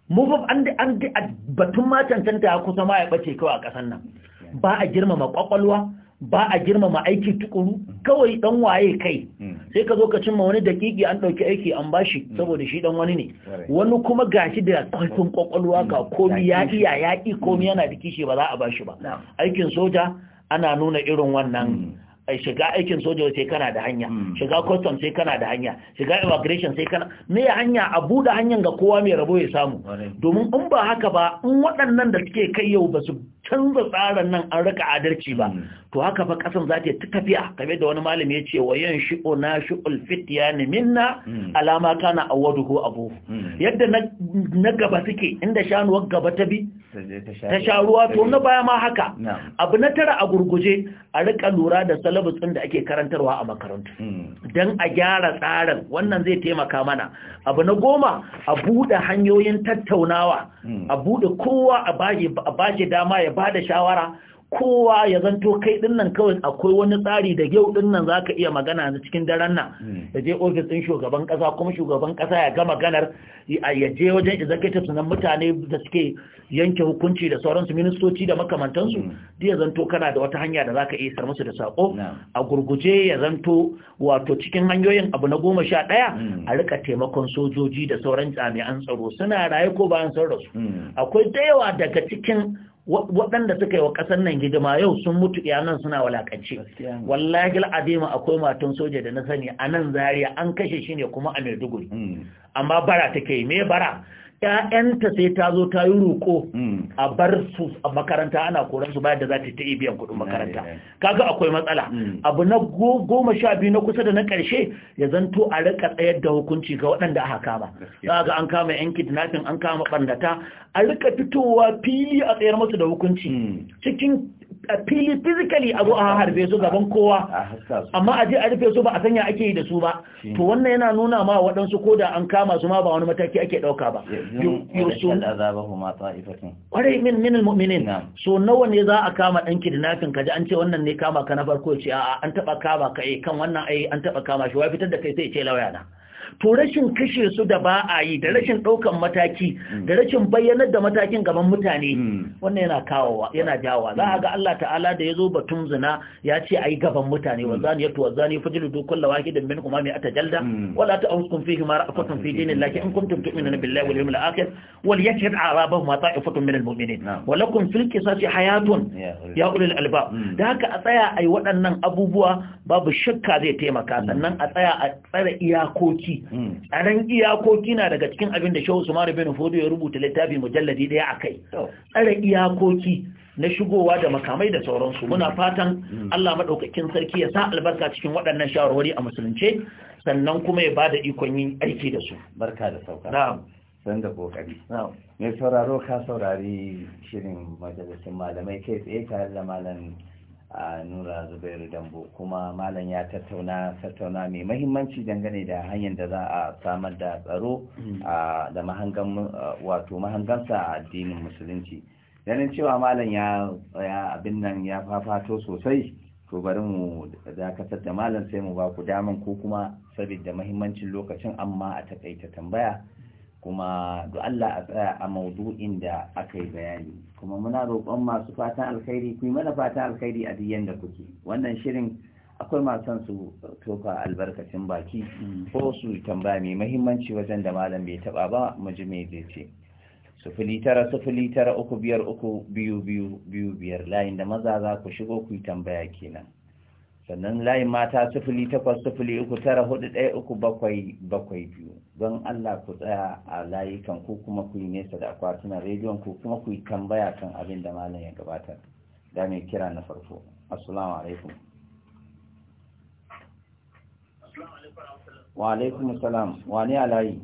fa an da an da batun ma cancanta ya kusa ma ya bace kawai a ƙasar nan ba a girmama kwakwalwa ba a girmama aiki tukuru kawai dan waye kai hmm. sai ka zo ka cimma wani dakiki an dauki aiki an bashi hmm. saboda shi dan wani ne wani kuma gashi da kwakwalwa kwakwalwa ka hmm. komi ya iya yaƙi komi yana da kishi ba za a bashi ba aikin soja ana nuna irin wannan shiga aikin soja sai kana da hanya hmm. shiga custom sai kana da hanya shiga immigration sai kana me hanya a bude hanyar ga kowa mai rabo ya samu domin in ba haka ba in waɗannan da suke kai yau ba su canza tsarin nan an rika adalci ba hmm. to haka fa kasan za ta yi tafiya kame da wani malami ya ce wa yan shi'o hmm. hmm. na shi'ul ni minna alama kana ko abu yadda na gaba suke inda shanuwar gaba ta bi ta sha ruwa to na baya ma haka abu na tara a gurguje a rika lura da salabus da ake karantarwa a makarantu don a gyara tsarin wannan zai taimaka mana abu na goma a buɗe hanyoyin tattaunawa a buɗe kowa a bashi dama ya ba da shawara kowa ya zanto kai dinnan kawai akwai wani tsari da yau dinnan za ka iya magana na cikin daren nan hmm. ya je ofis ɗin shugaban kasa kuma shugaban kasa ya ga maganar ya je wajen executive na mutane da suke yanke hukunci da sauransu ministoci da makamantansu hmm. da ya zanto kana da wata hanya da za ka iya isar musu da sako a gurguje ya zanto wato cikin hanyoyin abu na goma sha ɗaya hmm. a rika taimakon sojoji da sauran jami'an tsaro suna raye ko bayan sun rasu akwai da yawa daga cikin waɗanda suka yi wa ƙasar nan hidima yau sun mutu yanan suna walakance wallahi al'adima akwai matan soja da na sani a nan zariya an kashe shi ne kuma a maiduguri hmm. amma bara take yi me bara ƴaƴanta sai ta zo ta yi roƙo hmm. a bar su a makaranta ana koran su bayan da za ta ta biyan kuɗin makaranta eh, eh, eh. kaga akwai matsala hmm. abu na goma sha biyu na kusa da na ƙarshe ya zanto a rika tsayar da hukunci ga waɗanda aka kama za ga an kama yan kidnapping an kama ɓarnata a rika fitowa fili a tsayar masu da hukunci hmm. cikin a fili physically a zo a harbe su gaban kowa amma a je a rufe su ba a sanya ake yi da su ba to wannan yana nuna ma waɗansu ko da an kama su ma ba wani mataki ake ɗauka ba ƙwarai min minil mu'minin so nawa ne za a kama ɗan kidnapping kaji an ce wannan ne kama ka na farko ya ce a an taɓa kama ka eh, kan wannan ai eh, an taɓa kama shi wa fitar da kai sai ce lauya na to rashin kashe su da ba a yi da rashin ɗaukan mataki da rashin bayyanar da matakin gaban mutane hmm. wannan yana kawowa yana jawa za a ga Allah ta'ala da ya zo batun zina ya ce a yi gaban mutane hmm. wa zani ya tuwa zani hmm. fi jilu dukkan lawaki da min kuma mai ata jalda wala ta an kun fi himar a fi dinin laki in kuntum tu'minu na billahi wal yawmil akhir wal yashhad arabahu ma ta'ifatun min al mu'minin wa lakum fil qisasi hayatun ya ulil albab da haka a tsaya ai waɗannan abubuwa babu shakka zai taimaka sannan a tsaya a tsare iyakoki Hmm. a iyakoki na daga cikin abin da shehu sumari bin fodo ya rubuta littafi mujalladi daya kai. tsare iyakoki na shigowa da makamai da sauransu hmm. muna fatan hmm. Allah maɗaukakin sarki ya sa albarka cikin waɗannan shawarwari a musulunce sannan kuma ya ba da ikon yin aiki da su barka da sauka da kokari sauraro ka saurari shirin majalisin malamai kai tsaye tare da a nura zubairu dambo kuma malam ya tattauna tattauna mai mahimmanci dangane da hanyar da za a samar da tsaro mm. da mahangan wato mahangansa a addinin musulunci ganin cewa malam ya abin nan ya fafato sosai to bari mu dakatar da malam sai mu ba ku daman ko kuma saboda mahimmancin lokacin amma a takaita tambaya kuma da Allah a tsaya a maudu'in da aka yi bayani kuma muna roƙon masu fatan alkhairi ku yi mana fatan alkhairi a duk yanda kuke wannan shirin akwai masu su toka albarkacin baki ko su tambaya mai mahimmanci wajen da malam bai taba ba mu ji me zai ce sufuli tara sufuli tara uku biyar uku biyu biyu biyu biyar layin da maza za ku shigo ku yi tambaya kenan sannan layin mata sifili takwas sifili uku tara hudu ɗaya uku bakwai bakwai biyu don Allah ku tsaya a layukan ku kuma ku yi nesa da akwatunan rediyon ku kuma ku yi tambaya kan abin da malam ya gabatar da mai kira na farko assalamu alaikum wa alaikum salam wani alayi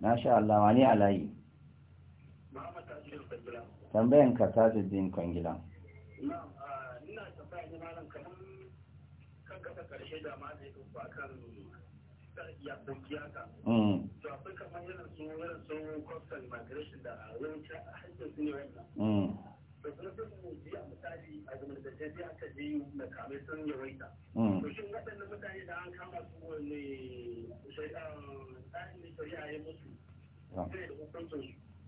na sha Allah wani alayi tambayan ka jirgin kwangilan ina tafiya ne malam kamar kan kasa karshe da ma zai ɗauko kan yakoki haka. Mm. To a akwai kamar irin su irin su coastal migration da yawancin hajjin su ne wannan. Mm. To kuma sun mu ji a misali a gwamnatance sai aka ji na kame sun yawaita. Mm. To shin waɗannan mutane da an kama su wani shari'a tsarin shari'a ya mutu. Sai da hukuncin su.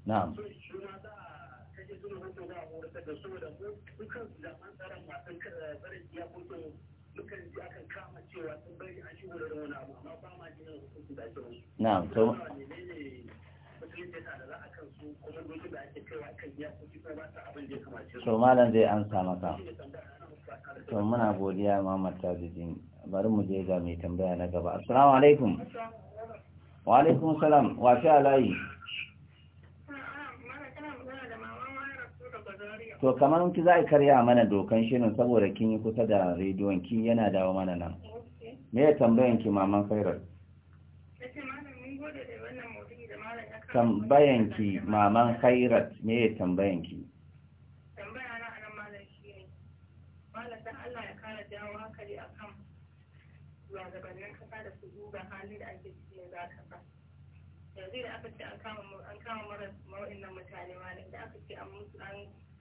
Na'am. So shi ma za a ake suna da da mu dukkan zaman da wani abu amma ba ma jinin to. malam zai amsa sa maka. To muna godiya ma mata jijin bari mu je ga mai tambaya na gaba. Assalamu alaikum. Wa alaikum salam wa sha layi. to kamar ki za a karya mana dokan shirin saboda kin yi kusa da rediyon kin yana dawo mana nan me ya tambayan ki maman khairar tambayan ki maman khairat me ya tambayan ki da su duba halin da ake ciki yanzu a kasa yanzu da aka ce an kama mara nan mutane ma da aka ce an musu an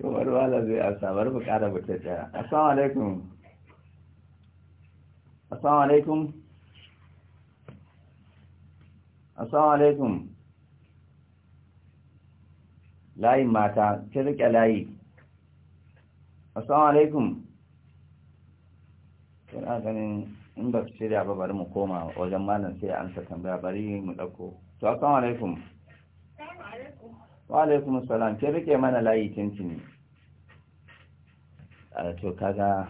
kamar wala [LAUGHS] zai a samar bukara mutum daya assalamu alaikum assalamu alaikum assalamu alaikum layin mata ki rike layi assalamu alaikum na ganin in ba su shirya ba bari mu koma wajen malam sai an sa tambaya bari mu ɗauko to assalamu alaikum wa alaikum assalam ke rike mana layi a to kaga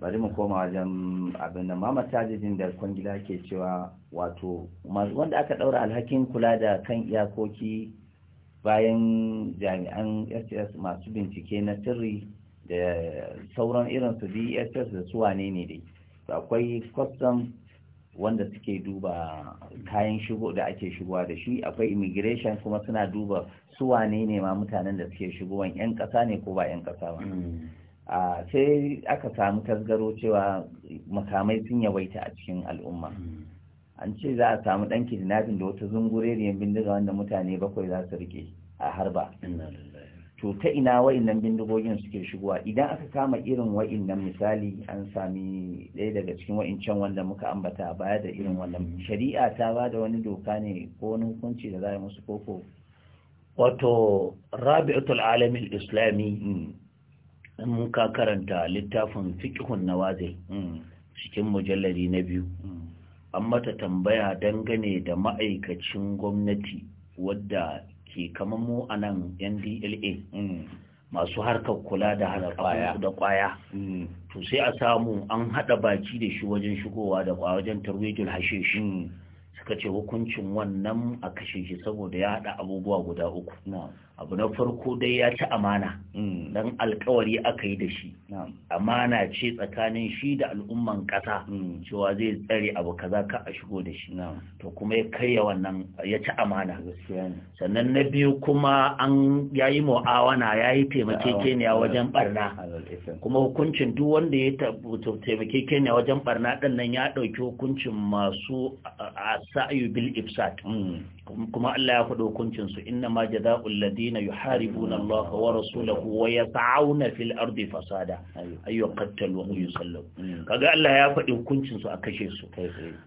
bari mu koma wajen abin da mama tajidin da kwangila ke cewa wato wanda aka daura alhakin kula da kan iyakoki bayan jami'an ss masu bincike na sirri da sauran irin su dss da su wane ne dai akwai custom wanda suke duba kayan shigo da ake shigowa da shi akwai immigration kuma suna duba su wane ne ma mutanen da suke shigowan yan kasa ne ko ba yan kasa ba mm. a sai aka samu tasgaro cewa makamai sun yawaita a cikin al'umma mm. an ce za a samu ɗan kidnapping da wata zungureriyar bindiga wanda mutane bakwai za su rike a harba to ta ina wa'innan bindigogin suke shigowa idan aka kama irin wa'innan misali an sami ɗaya daga cikin wa'incan wanda muka ambata baya da irin wannan shari'a ta ba da wani doka ne ko wani hukunci da za a musu koko wato rabi'atul alamin islami mm. mun ka karanta littafin fiqhun nawazil mm. cikin mujallari na biyu mm. an mata tambaya dangane da ma'aikacin gwamnati wadda ke kamar mu a nan ndla mm, masu harkar kula da da kwaya mm. to sai a samu an hada baki da shi wajen shigowa da kwaya wajen tarwejin hashish mm. suka ce hukuncin wannan a kashe shi saboda ya hada abubuwa guda uku abu na farko dai ya ci amana mm. don alkawari aka yi da shi amana ce tsakanin shi da al'umman ƙasa mm. cewa zai tsare abu kaza ka a shigo da shi to kuma ya karya wannan ya ci amana sannan na biyu kuma an yayi mu'awana yayi taimakekeniya wajen barna kuma hukuncin duk wanda ya taimakekeniya wajen barna ɗannan ya ɗauki hukuncin masu sa'ayu bil ifsad mm. kuma Allah ya faɗi hukuncin su inna ma jazaa'ul ladina yuharibuna Allah wa rasulahu wa yas'auna fil ardi fasada ay yuqtalu wa yusallu mm. kaga Allah ya faɗi hukuncin su a kashe su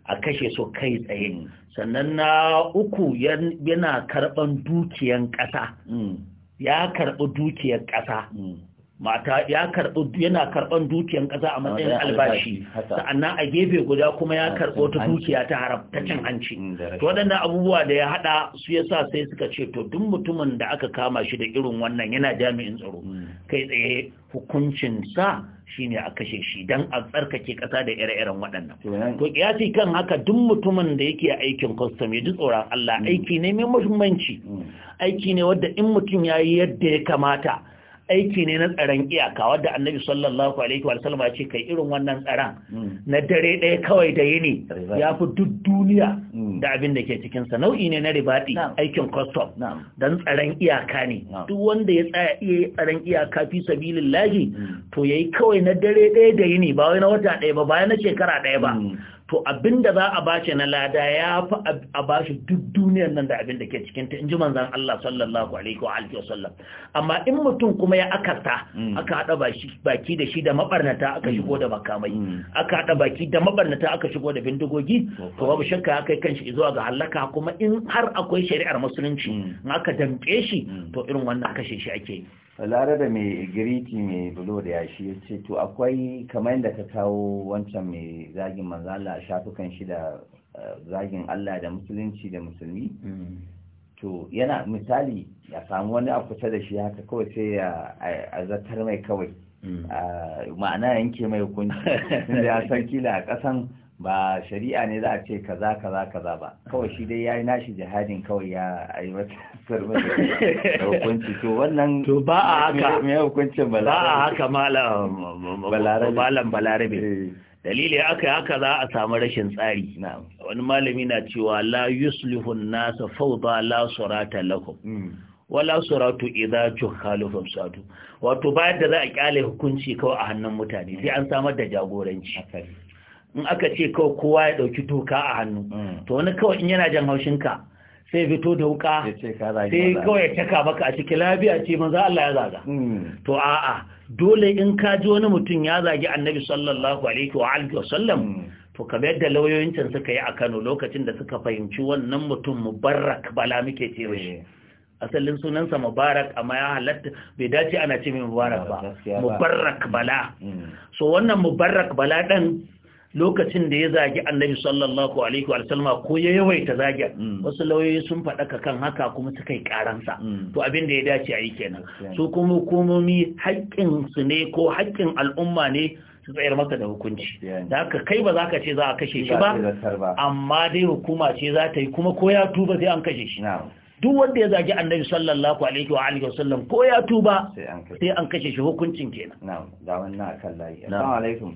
a kashe su kai tsaye sannan na uku yana karban dukiyan ƙasa mm. ya karbi dukiyar ƙasa mm. mata ya karɓi yana karɓan dukiyan ƙasa a matsayin albashi sa'annan a gefe guda kuma ya karɓo ta dukiya ta haram ta cin hanci mm, to waɗannan abubuwa da ya haɗa su ya sa sai suka ce to duk mutumin da aka kama shi da irin wannan yana jami'in tsaro mm. kai tsaye hukuncin sa shine a kashe shi dan a tsarkake ƙasa da ire-iren waɗannan to kiyasi kan haka duk mutumin da yake aikin custom ya ji tsoron Allah mm. aiki ne mai muhimmanci aiki ne wanda in mutum ya yi yadda ya kamata aiki ne na tsaron iyaka wadda annabi sallallahu alaihi wasallam ya ce kai irin wannan tsaron hmm. na dare ɗaya kawai da yini ya fi duk duniya hmm. da abin da ke sa nau'i ne na ribaɗi aikin custom dan tsaron iyaka ne duk wanda ya tsaya iya tsaron iyaka fi sabilillahi hmm. to yayi kawai na dare ɗaya da yini ba wai na wata ɗaya ba ba na shekara ɗaya ba to abinda za a bashi na lada ya fi a bashi duk duniyar nan da abinda ke cikin in ji manzan Allah sallallahu alaihi wa alihi wasallam amma in mutum kuma ya akarta mm. aka hada baki da shi da mabarnata aka mm. shigo da makamai mm. aka hada baki da mabarnata aka shigo da bindigogi to babu shakka ya kai kanshi zuwa ga halaka kuma in har akwai shari'ar musulunci in aka damke shi to irin wannan kashe shi ake lare da mai giriti mai bulo da yashi ya ce to akwai kamar yadda ka kawo wancan mai zagin manzala a shafukan shi da eh, zagin Allah da musulunci da musulmi mm. to yana misali ya samu wani a kusa da shi haka kawai sai ya zartar mai kawai mm. ah, ma'ana yanke mai hukunci [LAUGHS] da ya san kila a kasan ba shari'a ne za a ce kaza kaza kaza ba kawai shi dai yayi nashi jihadin kawai ya ayi mata da hukunci to wannan to ba a haka me hukuncin ba a haka malam balarabe balarabe eh. dalili aka haka za a samu rashin tsari wani malami na cewa la yuslihu nasa fawda la surata mm. Wa wala suratu idza juhalu sadu. wato bayan da za a kyale hukunci kawai a hannun mutane sai an samar da jagoranci in aka ce kawai kowa ya ɗauki doka a hannu mm. to wani kawai in yana jan haushin ka sai fito da wuka sai kawai ya caka maka a cikin lafiya ce manzo Allah ya zaga mm. to a'a dole in ka ji wani mutum ya zagi annabi sallallahu alaihi wa alihi wa sallam mm. to kamar da lauyoyin can suka yi a Kano lokacin da suka fahimci wannan mutum Mubarak Bala muke ce mishi eh. asalin sunansa mubarak amma ya halatta bai dace ana ce mai mubarak ba mubarak bala so wannan mubarak bala ɗan lokacin da ya zagi annabi sallallahu alaihi wa sallama ko ya yawaita zagi mm. wasu lauyoyi sun ka kan haka kuma suka yi karansa mm. to abin da ya dace a yi kenan su kuma hukumomi haƙƙin su ne ko haƙƙin al'umma ne su tsayar masa da hukunci da haka kai ba za ka ce za a kashe shi ba amma dai hukuma ce za ta yi kuma ko ya tuba sai an kashe shi duk wanda ya zagi annabi sallallahu alaihi wa alihi wasallam ko ya tuba sai an kashe shi hukuncin kenan na'am da wannan akan layi assalamu alaikum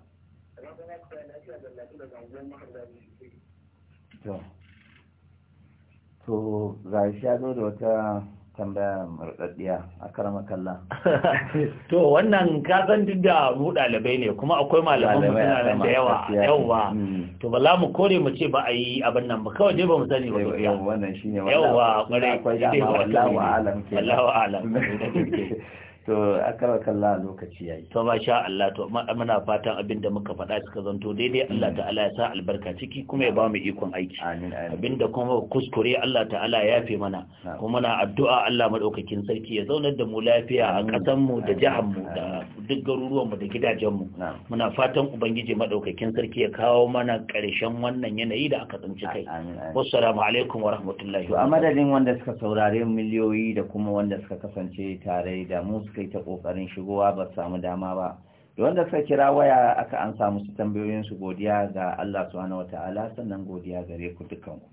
to ga shi ya zo da wata tambaya marɗaɗɗiya a karama kalla [LAUGHS] to wannan kasan duk da mu ɗalibai ne kuma akwai malaman suna nan da yawa yawa mm. to ba za mu kore mu ce ba a yi abin nan ba kawai dai ba mu sani ba gaskiya yawa wannan shine yawa ƙwarai akwai jama'a wallahu alam ke. alam [LAUGHS] to akara kalla lokaci yayi to sha Allah to muna fatan abinda muka faɗa suka zanto daidai Allah mm. ta'ala ya sa albarka ciki kuma ya ba mu ikon aiki abinda kuma kuskure Allah ta'ala ya yafe mana kuma muna addu'a Allah madaukakin sarki ya zaunar da mu lafiya a ƙasar mu da jihar mu da duk garuruwan mu da gidajen mu muna fatan ubangiji madaukakin sarki ya kawo mana ƙarshen wannan yanayi da aka tsinci kai wassalamu alaikum wa rahmatullahi wa madadin wanda suka saurare miliyoyi da kuma wanda suka kasance tare da mu suka yi ta ƙoƙarin shigowa ba su samu dama ba da wanda suka kira waya aka an samu su tambayoyin su godiya ga Allah subhanahu ta'ala sannan godiya gare ku dukkan ku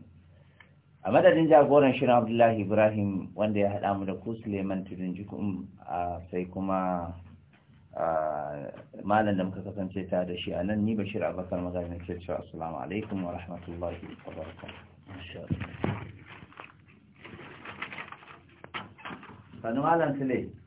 a madadin jagoran shirin Abdullahi Ibrahim wanda ya haɗa mu da ku Suleiman Tudunjikun sai kuma malam da muka kasance ta da shi a nan ni Bashir Abubakar magana ke cewa assalamu alaikum wa rahmatullahi wa barakatuh Sanu Malam Sule